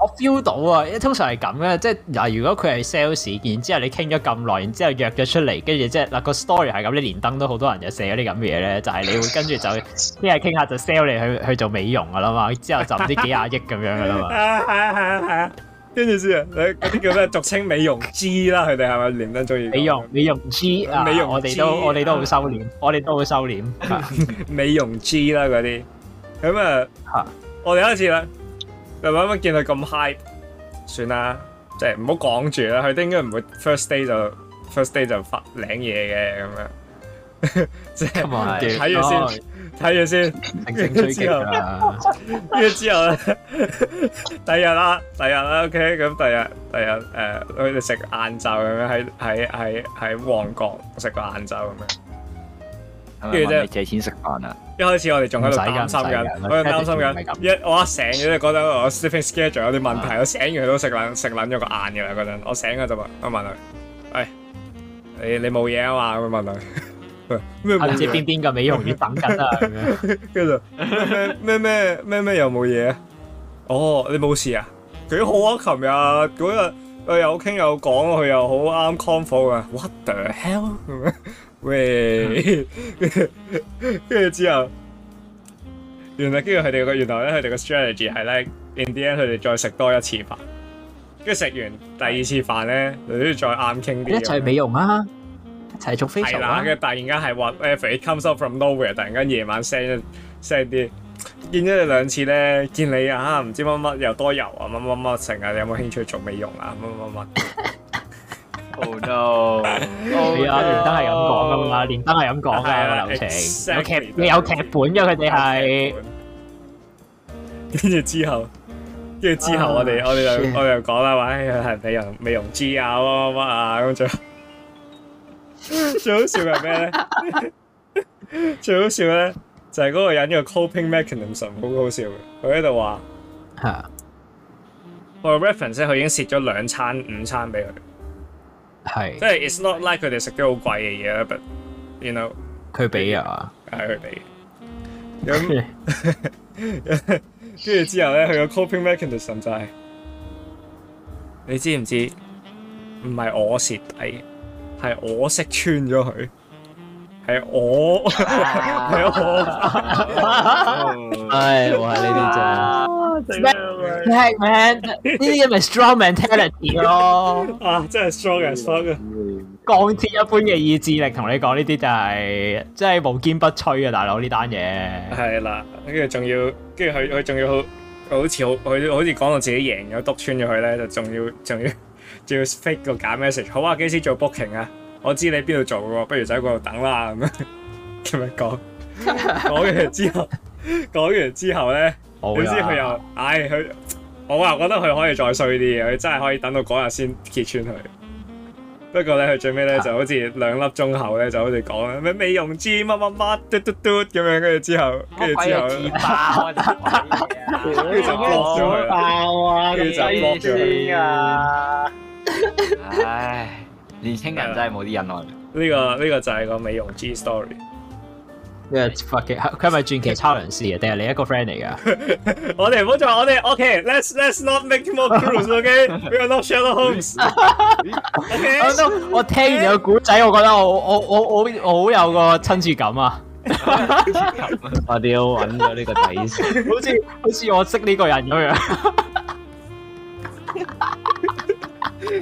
我 feel 到啊，通常係咁嘅，即係嗱，如果佢係 sales，然之後你傾咗咁耐，然之後約咗出嚟，跟住即係嗱個 story 係咁，你連登都好多人就寫咗啲咁嘅嘢咧，就係、是、你會跟住就一係傾下就 sell 你去去做美容噶啦嘛，之後就唔知幾廿億咁樣噶啦嘛。係啊係啊係啊，跟住先啊，你嗰啲叫咩？俗稱美容 G 啦，佢哋係咪連登中意美容美容 G 啊？美容 G, 我哋都我哋都好收斂，我哋都好收斂， (laughs) 美容 G 啦嗰啲，咁啊吓，我哋有一次啦。你諗諗見佢咁 high，算啦，即係唔好講住啦。佢應該唔會 first day 就 first day 就發領嘢嘅咁樣。即係睇住先，睇住先。跟住之後，跟住之後咧，第日啦，第日啦。OK，咁第日，第日誒，佢哋食晏晝咁樣，喺喺喺喺旺角食個晏晝咁樣。係咪要借錢食飯啊？一開始我哋仲喺度擔心緊，喺度擔心緊。一我一醒，即係覺得我 something schedule 有啲問題，我醒完都食撚食撚咗個眼嘅啦。嗰陣我醒啊就問，他他就是問，我問佢，誒你冇嘢啊嘛？咁樣問佢，咩？唔知邊邊個美容院等緊啊，那個？跟住咩咩咩咩又冇嘢？哦，有有 oh, 你冇事啊？幾好啊！琴日嗰日誒有傾有講，佢又好啱 comfort 啊！What the hell？ (laughs) 喂，跟、嗯、住 (laughs) 之後，原來跟住佢哋個原來咧，佢哋個 strategy 係咧，in the end 佢哋再食多一次飯，跟住食完第二次飯咧，你都要再啱傾啲。一齊，齊美容啊！一齊做飛、啊。係啦，跟突，突然間係話 everything comes up from nowhere。突然間夜晚 send 一 send 啲，見咗你兩次咧，見你啊，唔知乜乜又多油啊，乜乜乜，成日，你有冇興趣做美容啊？乜乜乜？ (laughs) Oh no，係啊，連登係咁講㗎嘛， (laughs) 連登係咁講嘅個流程有劇有劇本嘅佢哋係。跟、exactly. 住 (laughs) 之後，跟住之後我哋、oh, 我哋就、shit. 我哋就講啦，喂、哎，係美容美容 G 啊乜乜乜啊咁樣。後最，後 (laughs) 最好笑係咩咧？ (laughs) (laughs) 最好笑咧就係嗰個人嘅、這個、coping mechanism，好好笑嘅。佢喺度話係啊，huh. 我 reference 佢已經蝕咗兩餐午餐俾佢。係，即係 It's not like 佢哋食啲好貴嘅嘢，but you know，佢俾啊，係佢俾。咁，跟住之後咧，佢個 coping mechanism 就係，你知唔知？唔係我蝕底，係我識穿咗佢，係我，係我。係我喺呢邊啫。Batman 呢啲咪 strong mentality 咯，啊真係 strong 啊 strong 啊，鋼鐵 (laughs) 一般嘅意志力，同你講呢啲就係、是、真係無堅不摧啊大佬呢單嘢係啦，跟住仲要跟住佢佢仲要好，好似好佢好似講到自己贏咗，督穿咗佢咧，就仲要仲要仲要 s p 飛個假 message，好啊，幾時做 booking 啊？我知你邊度做噶喎，不如就喺嗰度等啦咁樣，做咩講講完之後講 (laughs) 完之後咧？點、啊、知佢又，唉、哎，佢，我話覺得佢可以再衰啲嘅，佢真係可以等到嗰日先揭穿佢。不過咧，佢最尾咧就好似兩粒鐘後咧就好似講咩美容機乜乜乜嘟嘟嘟咁樣，跟住之後，跟住之後，爆炸啊！跟住落爆啊！跟住就落住啊！唉，年青人真係冇啲忍耐。呢個呢個就係個美容機 story。佢係佢係咪傳奇差人士啊？定係你一個 friend 嚟㗎？我哋唔好再，我哋 OK，let's、okay, let's not make more rules，OK，we're、okay? not shallow homes 我聽完個古仔，我覺得我我我我我好有個親切感啊！我哋要揾咗呢個底線，好似好似我識呢個人咁樣。 (laughs)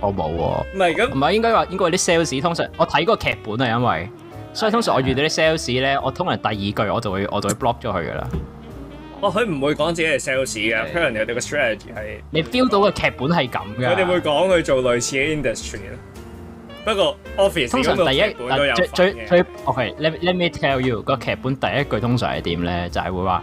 我冇喎，啊，唔係咁，唔係應該話應該啲 sales 通常我睇個劇本啊，因為所以通常我遇到啲 sales 咧，我通常第二句我就會我就會 block 咗佢噶啦。哦，佢唔會講自己係 sales 嘅，可能佢哋個 strategy 係你 feel 到個劇本係咁嘅。佢哋會講佢做類似嘅 industry。不過 office 通常第一句，啊，最最 OK，let、okay, let me tell you 個劇本第一句通常係點咧？就係、是、會話。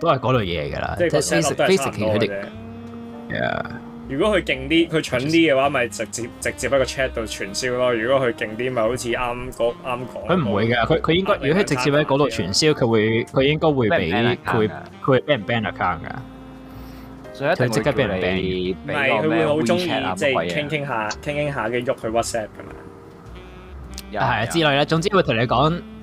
都係嗰類嘢嚟噶啦，即係個聲量都係差唔多嘅啫。如果佢勁啲，佢蠢啲嘅話，咪直接直接喺個 chat 度傳銷咯。如果佢勁啲，咪好似啱啱講。佢唔會嘅，佢佢應該，如果佢直接喺嗰度傳銷，佢會佢應該會俾佢佢 ban 唔 ban account 噶。所以一睇即刻俾人 ban。唔係，佢會好中意即係傾傾下、傾傾下嘅喐佢 WhatsApp 噶嘛？係啊，之類啦。總之會同你講。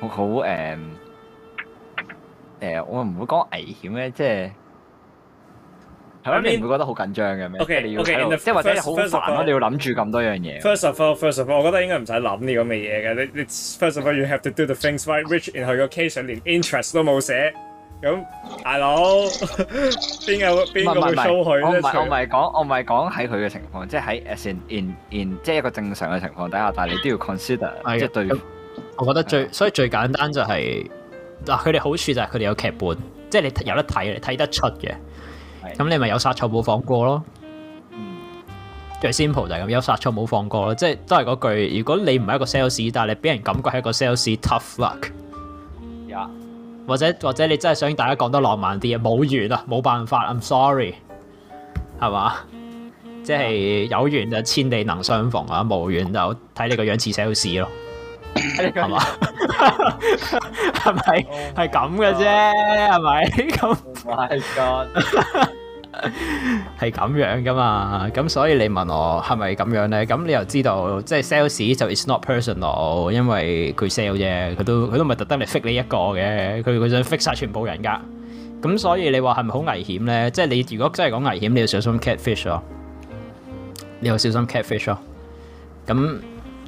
我好誒誒，我唔會講危險咧，即係係咯，你唔會覺得好緊張嘅咩？OK OK。你要即或者好煩咯，你要諗住咁多樣嘢。First of all, first of all，我覺得應該唔使諗呢咁嘅嘢嘅。你你 first of all 要 have to do the things right. Which in his case，連 interest 都冇寫。咁大佬邊有邊個會收佢咧？我唔係我唔係講我唔係講喺佢嘅情況，即喺 in in in 即係一個正常嘅情況底下，但係你都要 consider 即係對。我覺得最所以最簡單就係、是、嗱，佢、啊、哋好處就係佢哋有劇本，即係你有得睇，你睇得出嘅。咁你咪有殺錯冇放過咯。嗯、最 simple 就係咁，有殺錯冇放過咯。即係都係嗰句，如果你唔係一個 sales，但係你俾人感覺係一個 sales tough luck、yeah。或者或者你真係想大家講得浪漫啲啊，冇緣啊，冇辦法，I'm sorry。係嘛？即係有緣就千里能相逢啊，冇緣就睇你個樣似 sales 咯。係、 (laughs) oh (laughs) oh、my God. (laughs) 嘛？係咪係咁嘅啫？係咪咁？My God，係咁樣噶嘛？咁所以你問我係咪咁樣咧？咁你又知道，即係 sales 就 it's not personal，因為佢 sell 啫，佢都佢都唔係特登嚟 fix 你一個嘅，佢佢想 fix 晒全部人噶。咁所以你話係咪好危險咧？即、就、係、是、你如果真係講危險，你要小心 catfish 咯、哦。你要小心 catfish 咯、哦。咁。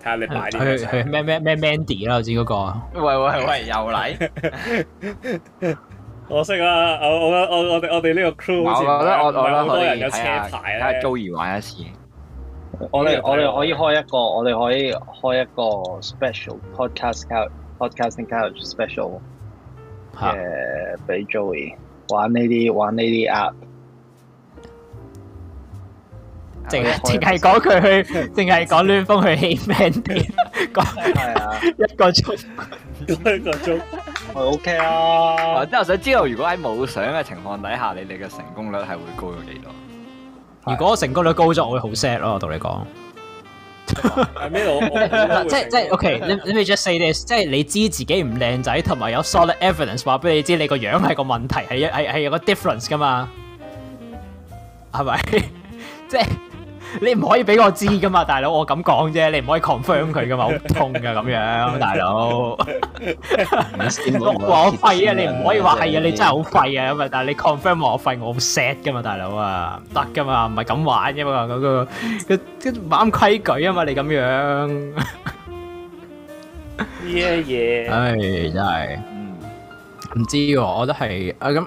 睇下你買啲咩？咩咩咩 Mandy 啦，我知嗰個。喂喂喂，又嚟！我識啊！我我我我我哋呢個 crew，我覺得我我覺得可以。睇下 Joey 玩一次。我哋我哋可以開一個，我哋可以開一個 special podcast couch podcasting couch special 誒，俾 Joey 玩呢啲玩呢啲 app。淨淨係講佢去，淨係講亂風去起名啲，講一個鐘，一個鐘，我 OK 啊！即係我想知道，如果喺冇相嘅情況底下，你哋嘅成功率係會高咗幾多？如果成功率高咗，我會好 sad 咯，我同你講。係咩？我即係即係 OK。你你咪 just say this，即係你知自己唔靚仔，同埋有 solid evidence 話俾你知，你個樣係個問題，係係係有個 difference 㗎嘛？係咪？即係。你唔可以俾我知噶嘛，大佬，我咁講啫，你唔可以 confirm 佢噶嘛，好痛噶咁樣，大佬。我廢啊，你唔可以話係啊，你真係好廢啊咁啊，但係你 confirm 我我廢，我好 sad 噶嘛，大佬啊，唔得噶嘛，唔係咁玩噶嘛，嗰個跟唔啱規矩啊嘛，你咁樣。呢一嘢，唉，真係，唔知，我都係，啊咁。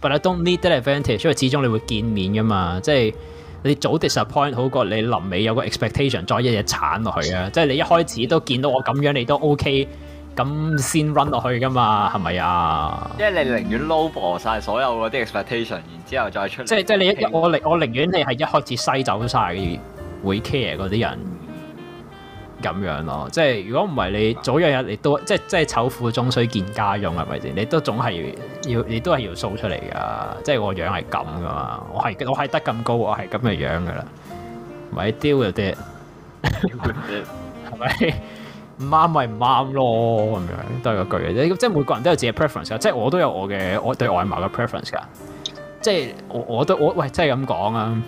But I don't need that advantage，因為始終你會見面噶嘛，即係你早 disappoint 好過你臨尾有個 expectation 再一日鏟落去啊！即係你一開始都見到我咁樣，你都 OK，咁先 run 落去噶嘛，係咪啊？即係你寧願 lowball 曬所有嗰啲 expectation，然之後再出嚟。即係即係你一我寧我寧願你係一開始篩走曬嘅會 care 嗰啲人。咁樣咯，即係如果唔係你早一日你都即係即係醜婦終須見家用係咪先？你都總係要，要你都係要 show 出嚟㗎，即係我樣係咁㗎嘛，我係我係得咁高，我係咁嘅樣㗎啦，咪丟啊爹，係咪？唔啱咪唔啱咯，咁樣都係嗰句嘅，即係每個人都有自己嘅 preference 嘅，即係我都有我嘅我對外貌嘅 preference 㗎，即係我我都我喂即係咁講啊！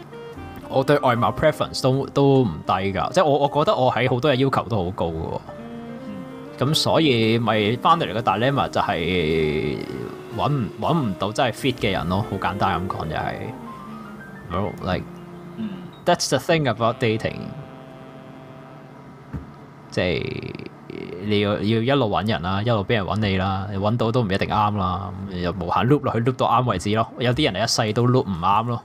我對外貌 preference 都都唔低㗎，即係我我覺得我喺好多嘢要求都好高嘅，咁所以咪翻到嚟個 dilemma 就係揾唔揾唔到真係 fit 嘅人咯，好簡單咁講就係，like that's the thing about dating，即係你要要一路揾人啦，一路俾人揾你啦，揾到都唔一定啱啦，又無限 loop 落去 loop 到啱為止咯，有啲人係一世都 loop 唔啱咯。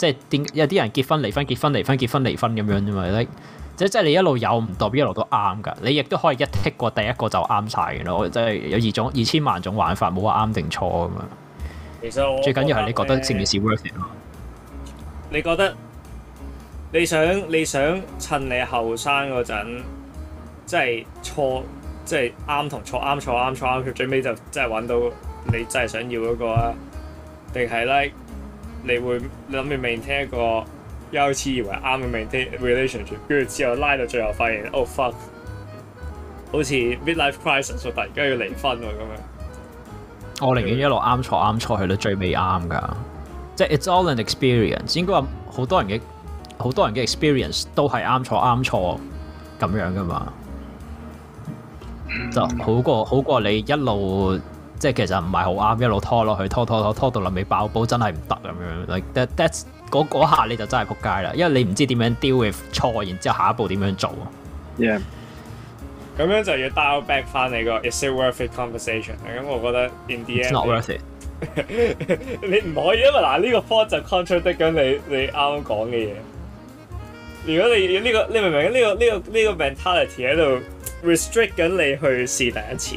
即係點有啲人結婚離婚結婚離婚結婚離婚咁樣啫嘛，你即係即係你一路有唔代表一路都啱噶，你亦都可以一剔過第一個就啱晒嘅咯。我真係有二種二千萬種玩法，冇話啱定錯咁樣。其實我最緊要係你覺得成件事 work 你覺得你想你想趁你後生嗰陣，即係錯即係啱同錯啱錯啱錯啱錯，最尾就真係搵到你真係想要嗰個啊？定係咧？你會諗住 maintain 一個一開始以為啱嘅 maintain relationship，跟住之後拉到最後發現，oh fuck，好似 midlife crisis 喎，突然間要離婚喎咁樣。我寧願一路啱錯啱錯去到最尾啱㗎，即係 it's all an experience。應該話好多人嘅好多人嘅 experience 都係啱錯啱錯咁樣㗎嘛，就好過好過你一路。即係其實唔係好啱，一路拖落去拖拖拖，拖到後尾爆煲，真係唔得咁樣。like that's 嗰下你就真係仆街啦，因為你唔知點樣 deal with 錯，然之後下一步點樣做。咁、yeah. 樣就要 dialog back 翻你個 is it worth it conversation，咁我覺得 in the end not worth it (laughs) 你你。你唔可以因為嗱呢個 force contradict 緊你你啱講嘅嘢。如果你要呢、呢個你明唔明呢個呢、呢個呢、呢個 mentality 喺度 restrict 緊你去試第一次？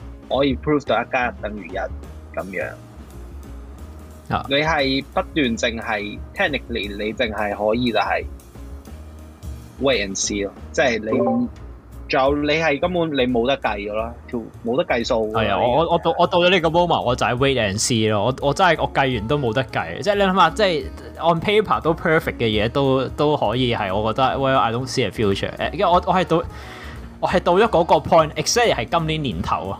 可以 prove 到一加一等於一咁樣。啊、你係不斷淨係 technically，你淨係可以就係 wait and see 咯。即係你仲有你係根本你冇得計㗎啦，冇得計數。係啊，我我，我到我到咗呢個 moment，我就係 wait and see 咯。我我真係我計完都冇得計。即係你諗下，即係 on paper 都 perfect 嘅嘢都都可以係。我覺得 well，I don't see a future，uh。因為我我係到我係到咗嗰個 point，exactly 係今年年頭啊。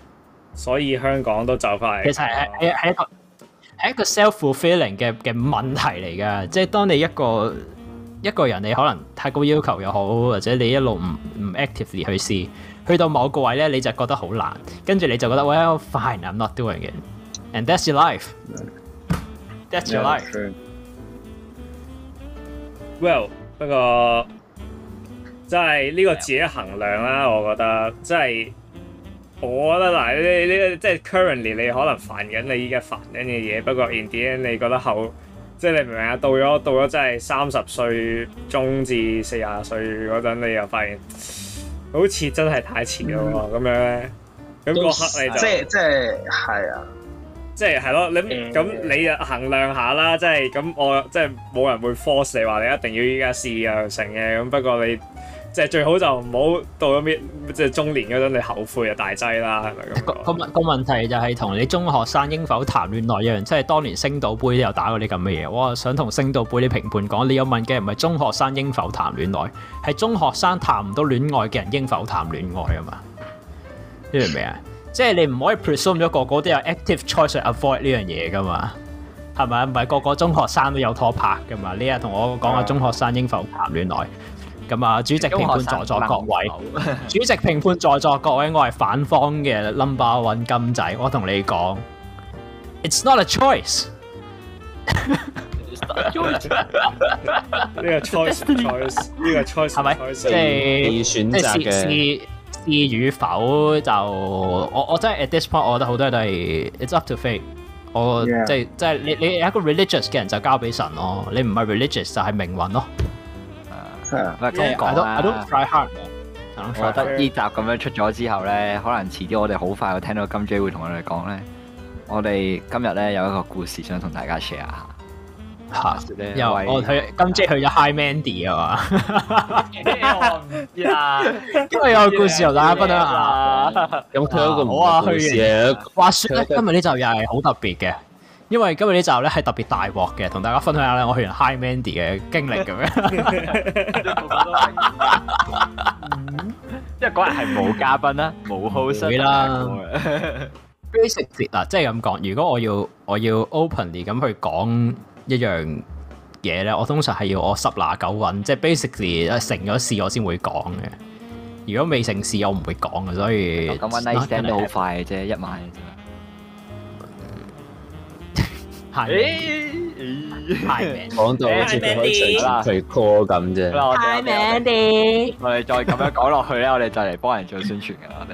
所以香港都就快。其實係係係一個係一個 self-fulfilling 嘅嘅問題嚟㗎，即係當你一個一個人你可能太高要求又好，或者你一路唔唔 actively 去試，去到某個位咧你就覺得好難，跟住你就覺得 Well，I'm fine，I'm not doing it，and that's your life，that's your life。Well，嗰個即係呢個自己衡量啦，我覺得即係。我覺得嗱，你你，你即係 currently 你可能煩緊你依家煩緊嘅嘢，不過然之後你覺得後即係你明唔明啊？到咗到咗真係三十歲中至四十歲嗰陣，你又發現好似真係太遲咯喎，咁、嗯、樣咧，咁、那、嗰、個、刻你就即係即係係啊，即係係咯，你咁、嗯、你又衡量下啦，即係咁我即係冇人會 force 你話你一定要依家試又成嘅，咁不過你。就最好就唔好到咗邊，即係中年嗰陣，你後悔就大劑啦。係咪？個個個問題就係同你中學生應否談戀愛一樣，即係當年星島杯都有打過啲咁嘅嘢。我想同星島杯啲評判講，你有問嘅唔係中學生應否談戀愛，係中學生談唔到戀愛嘅人應否談戀愛啊嘛？呢樣咩？啊？ (laughs) 即係你唔可以 presume 咗個個都有 active choice to avoid 呢樣嘢噶嘛？係咪？唔係個個中學生都有拖拍噶嘛？你又同我講啊，中學生應否談戀愛？咁啊，主席、評判在座各位，主席、評判在座各位，我係反方嘅 Number One 金仔，我同你講，It's not a choice。呢個 choice，呢個 choice 係咪？即係你選擇嘅是是是與否就，就我我真係 at this point，我覺得好多人都係 It's up to fate。我即係即係你你一個 religious 嘅人，就交俾神咯；你唔係 religious，就係命運咯。 (music) yeah, I don't, I don't 我覺得呢集咁樣出咗之後咧，可能遲啲我哋好快會聽到金 J 會同我哋講咧。我哋今日咧有一個故事想同大家 share 下。吓，又係我去金 J 去咗 High Mandy 啊嘛？唔知啊，今日有個故事同大家分享下啊。說說嗯、Mandy，啊啊啊有冇聽到一個好啊，去事啊？話說咧，今日呢集又係好特別嘅。因為今日呢集咧係特別大鑊嘅，同大家分享下咧我去完 High Mandy 嘅經歷咁樣。即係嗰日係冇嘉賓啦，冇 host 啦。Basic 嗱，即係咁講，如果我要我要 openly 咁去講一樣嘢咧，我通常係要我十拿九穩，即係 basically 成咗事我先會講嘅。如果未成事，我唔會講嘅。所以咁我 Nice Send 都好快嘅啫，一晚。係，講到好似佢可以隨時去 call 咁啫。太 man 啲，我哋再咁樣講落去咧，我哋就嚟幫人做宣傳噶啦。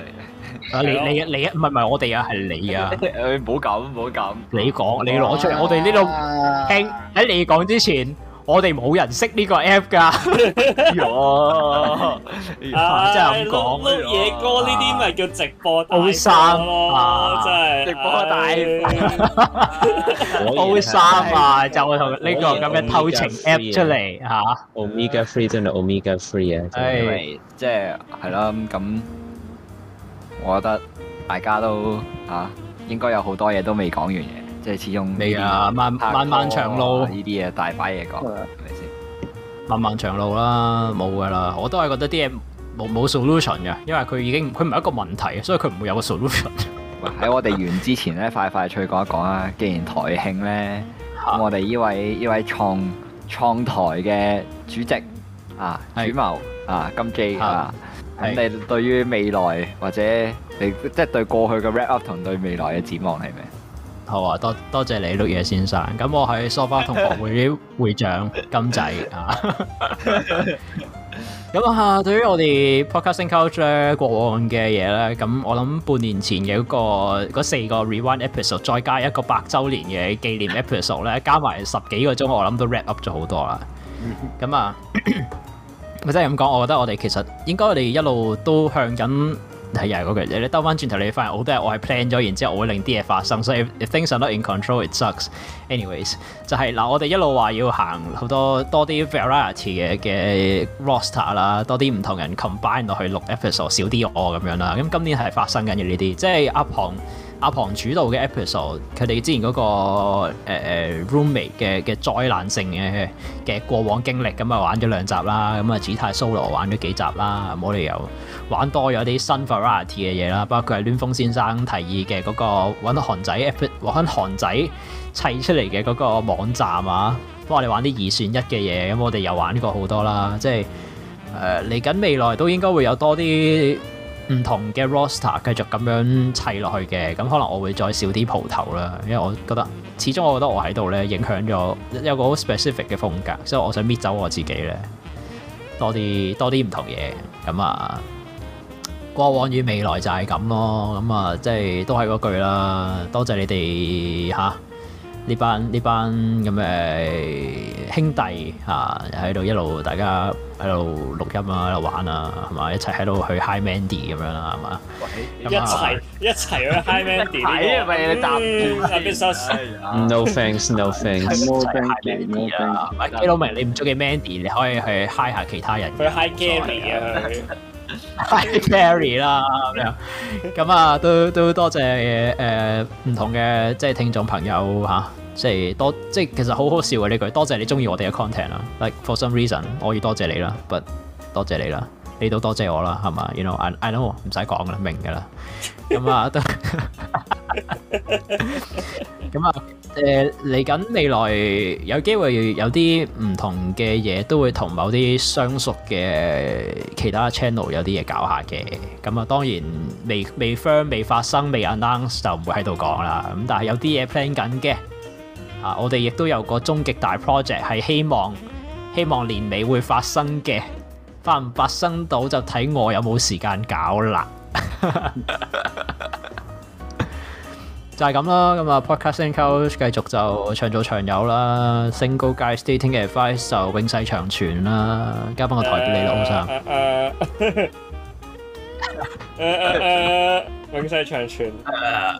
你，你，你，唔係唔係我哋啊，係你啊。誒，唔好咁，唔好咁。你講，你攞出嚟。我哋呢度聽喺你講之前。我哋冇人識呢個 app 㗎，哦！真係咁講，碌嘢哥呢啲咪叫直播 O 三咯，真係直播大 O 三啊！就同呢個咁嘅偷情 app 出嚟嚇，Omega Three 真係 Omega Three 啊，因為即係係咯咁，我覺得大家都啊應該有好多嘢都未講完嘅。即係始終未啊，漫漫漫長路呢啲嘢大把嘢講，係咪先？漫漫長路啦，冇噶啦，我都係覺得啲嘢冇冇 solution 嘅，因為佢已經佢唔係一個問題，所以佢唔會有個 solution。喺我哋完之前咧， (laughs) 快快脆講一講啊！既然台慶咧，的我哋呢位呢位創創台嘅主席啊、主謀啊金基，啊，咁、啊、你對於未來或者你即係、就是、對過去嘅 wrap up 同對未來嘅展望係咩？好啊，多多謝你，陸野先生。咁我係 Sofa 同學會 (laughs) 會長金仔啊。咁 (laughs) 啊，對於我哋 Podcasting Coach 咧過往嘅嘢咧，咁我諗半年前嘅個四個 Rewind Episode，再加一個百周年嘅紀念 Episode 咧，加埋十幾個鐘，我諗都 wrap up 咗好多啦。咁啊， (coughs) 我真係咁講，我覺得我哋其實應該我哋一路都向緊。係又係嗰句嘢，你兜翻轉頭你發現好多嘢，我係 plan 咗，然之後我會令啲嘢發生，所以 things are not in control it sucks。Anyways 就係、是、嗱，我哋一路話要行好多多啲 variety 嘅嘅 roster 啦，多啲唔同人 combine 落去錄 episode 少啲我咁樣啦。咁、嗯、今年係發生緊嘅呢啲，即係阿彭。阿龐主導嘅 episode，佢哋之前嗰、嗰個誒、呃、roommate 嘅嘅災難性嘅嘅過往經歷咁啊、嗯，玩咗兩集啦，咁啊紫太 solo 玩咗幾集啦，嗯、我哋又玩多咗啲新 variety 嘅嘢啦。包括佢係暖風先生提議嘅嗰、嗰個揾韓仔 app 韓仔砌出嚟嘅嗰個網站啊，幫我哋玩啲二選一嘅嘢。咁、嗯、我哋又玩過好多啦，即係誒，嚟緊未來都應該會有多啲。唔同嘅 roster 繼續咁樣砌落去嘅，咁可能我會再少啲蒲頭啦，因為我覺得始終我覺得我喺度咧影響咗有個好 specific 嘅風格，所以我想搣走我自己咧多啲多啲唔同嘢，咁啊過往與未來就係咁咯，咁啊即係都係嗰句啦，多謝你哋吓。呢班呢班咁嘅兄弟啊，喺度一路大家喺度錄音啊，喺度玩啊，係嘛？一齊喺度去 high Mandy 咁樣啦，係嘛？一齊一齊去 high Mandy。係咪你答啊 Missus？No thanks, no thanks。一齊 high Mandy 啦，咪 Gary，你唔中意 Mandy，你可以去 high 下其他人。去 high Gary 啊，high Gary 啦咁樣。咁啊，都都多謝誒唔同嘅即係聽眾朋友嚇。即係多即係其實好好笑嘅呢句。多謝你中意我哋嘅 content 啦，like for some reason，我要多謝你啦，but 多謝你啦，你都多謝我啦，係嘛？You know，I I know 唔使講啦，明㗎啦。咁啊，得咁啊。誒，嚟緊未來有機會有啲唔同嘅嘢，都會同某啲相熟嘅其他 channel 有啲嘢搞下嘅。咁啊，當然未未 firm 未發生未 announce 就唔會喺度講啦。咁但係有啲嘢 plan 緊嘅。 (music) 我哋亦都有個終極大 project，係希望希望年尾會發生嘅，發唔發生到就睇我有冇時間搞啦。 (laughs) 就係咁啦，咁啊，Podcasting Coach 繼續就長做長有啦，Single Guys Dating 嘅 Advice 就永世長存啦。交翻個台俾你啦，好。永世長存。Uh.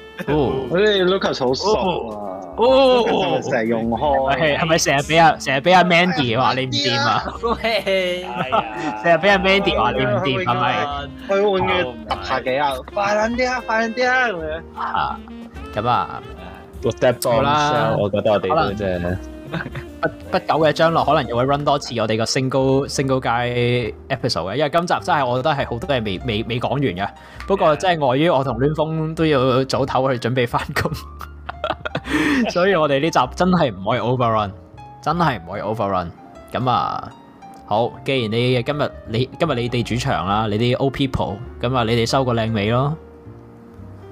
哦，佢哋 Lukas 好熟啊！哦，成日用開，係咪成日俾阿成日俾阿 Mandy 話你唔掂啊？係、hey, 哎、啊，成日俾阿 Mandy 話你唔掂，係咪、啊？佢換嘅揼下幾，下幾，下幾，下幾，下幾啊？快撚啲啊！快撚啲啊！咁啊，我 step on, 啦，我覺得我哋真係。不久嘅將來可能又會 run 多次我哋個 single single guy episode 嘅，因為今集真係我覺得係好多嘢未未未講完嘅。不過真係礙於我同暖風都要早唞去準備翻工， (laughs) 所以我哋呢集真係唔可以 over run，真係唔可以 over run。咁啊，好，既然你今日你今日你哋主場啦，你啲 old people，咁啊，你哋收個靚尾咯。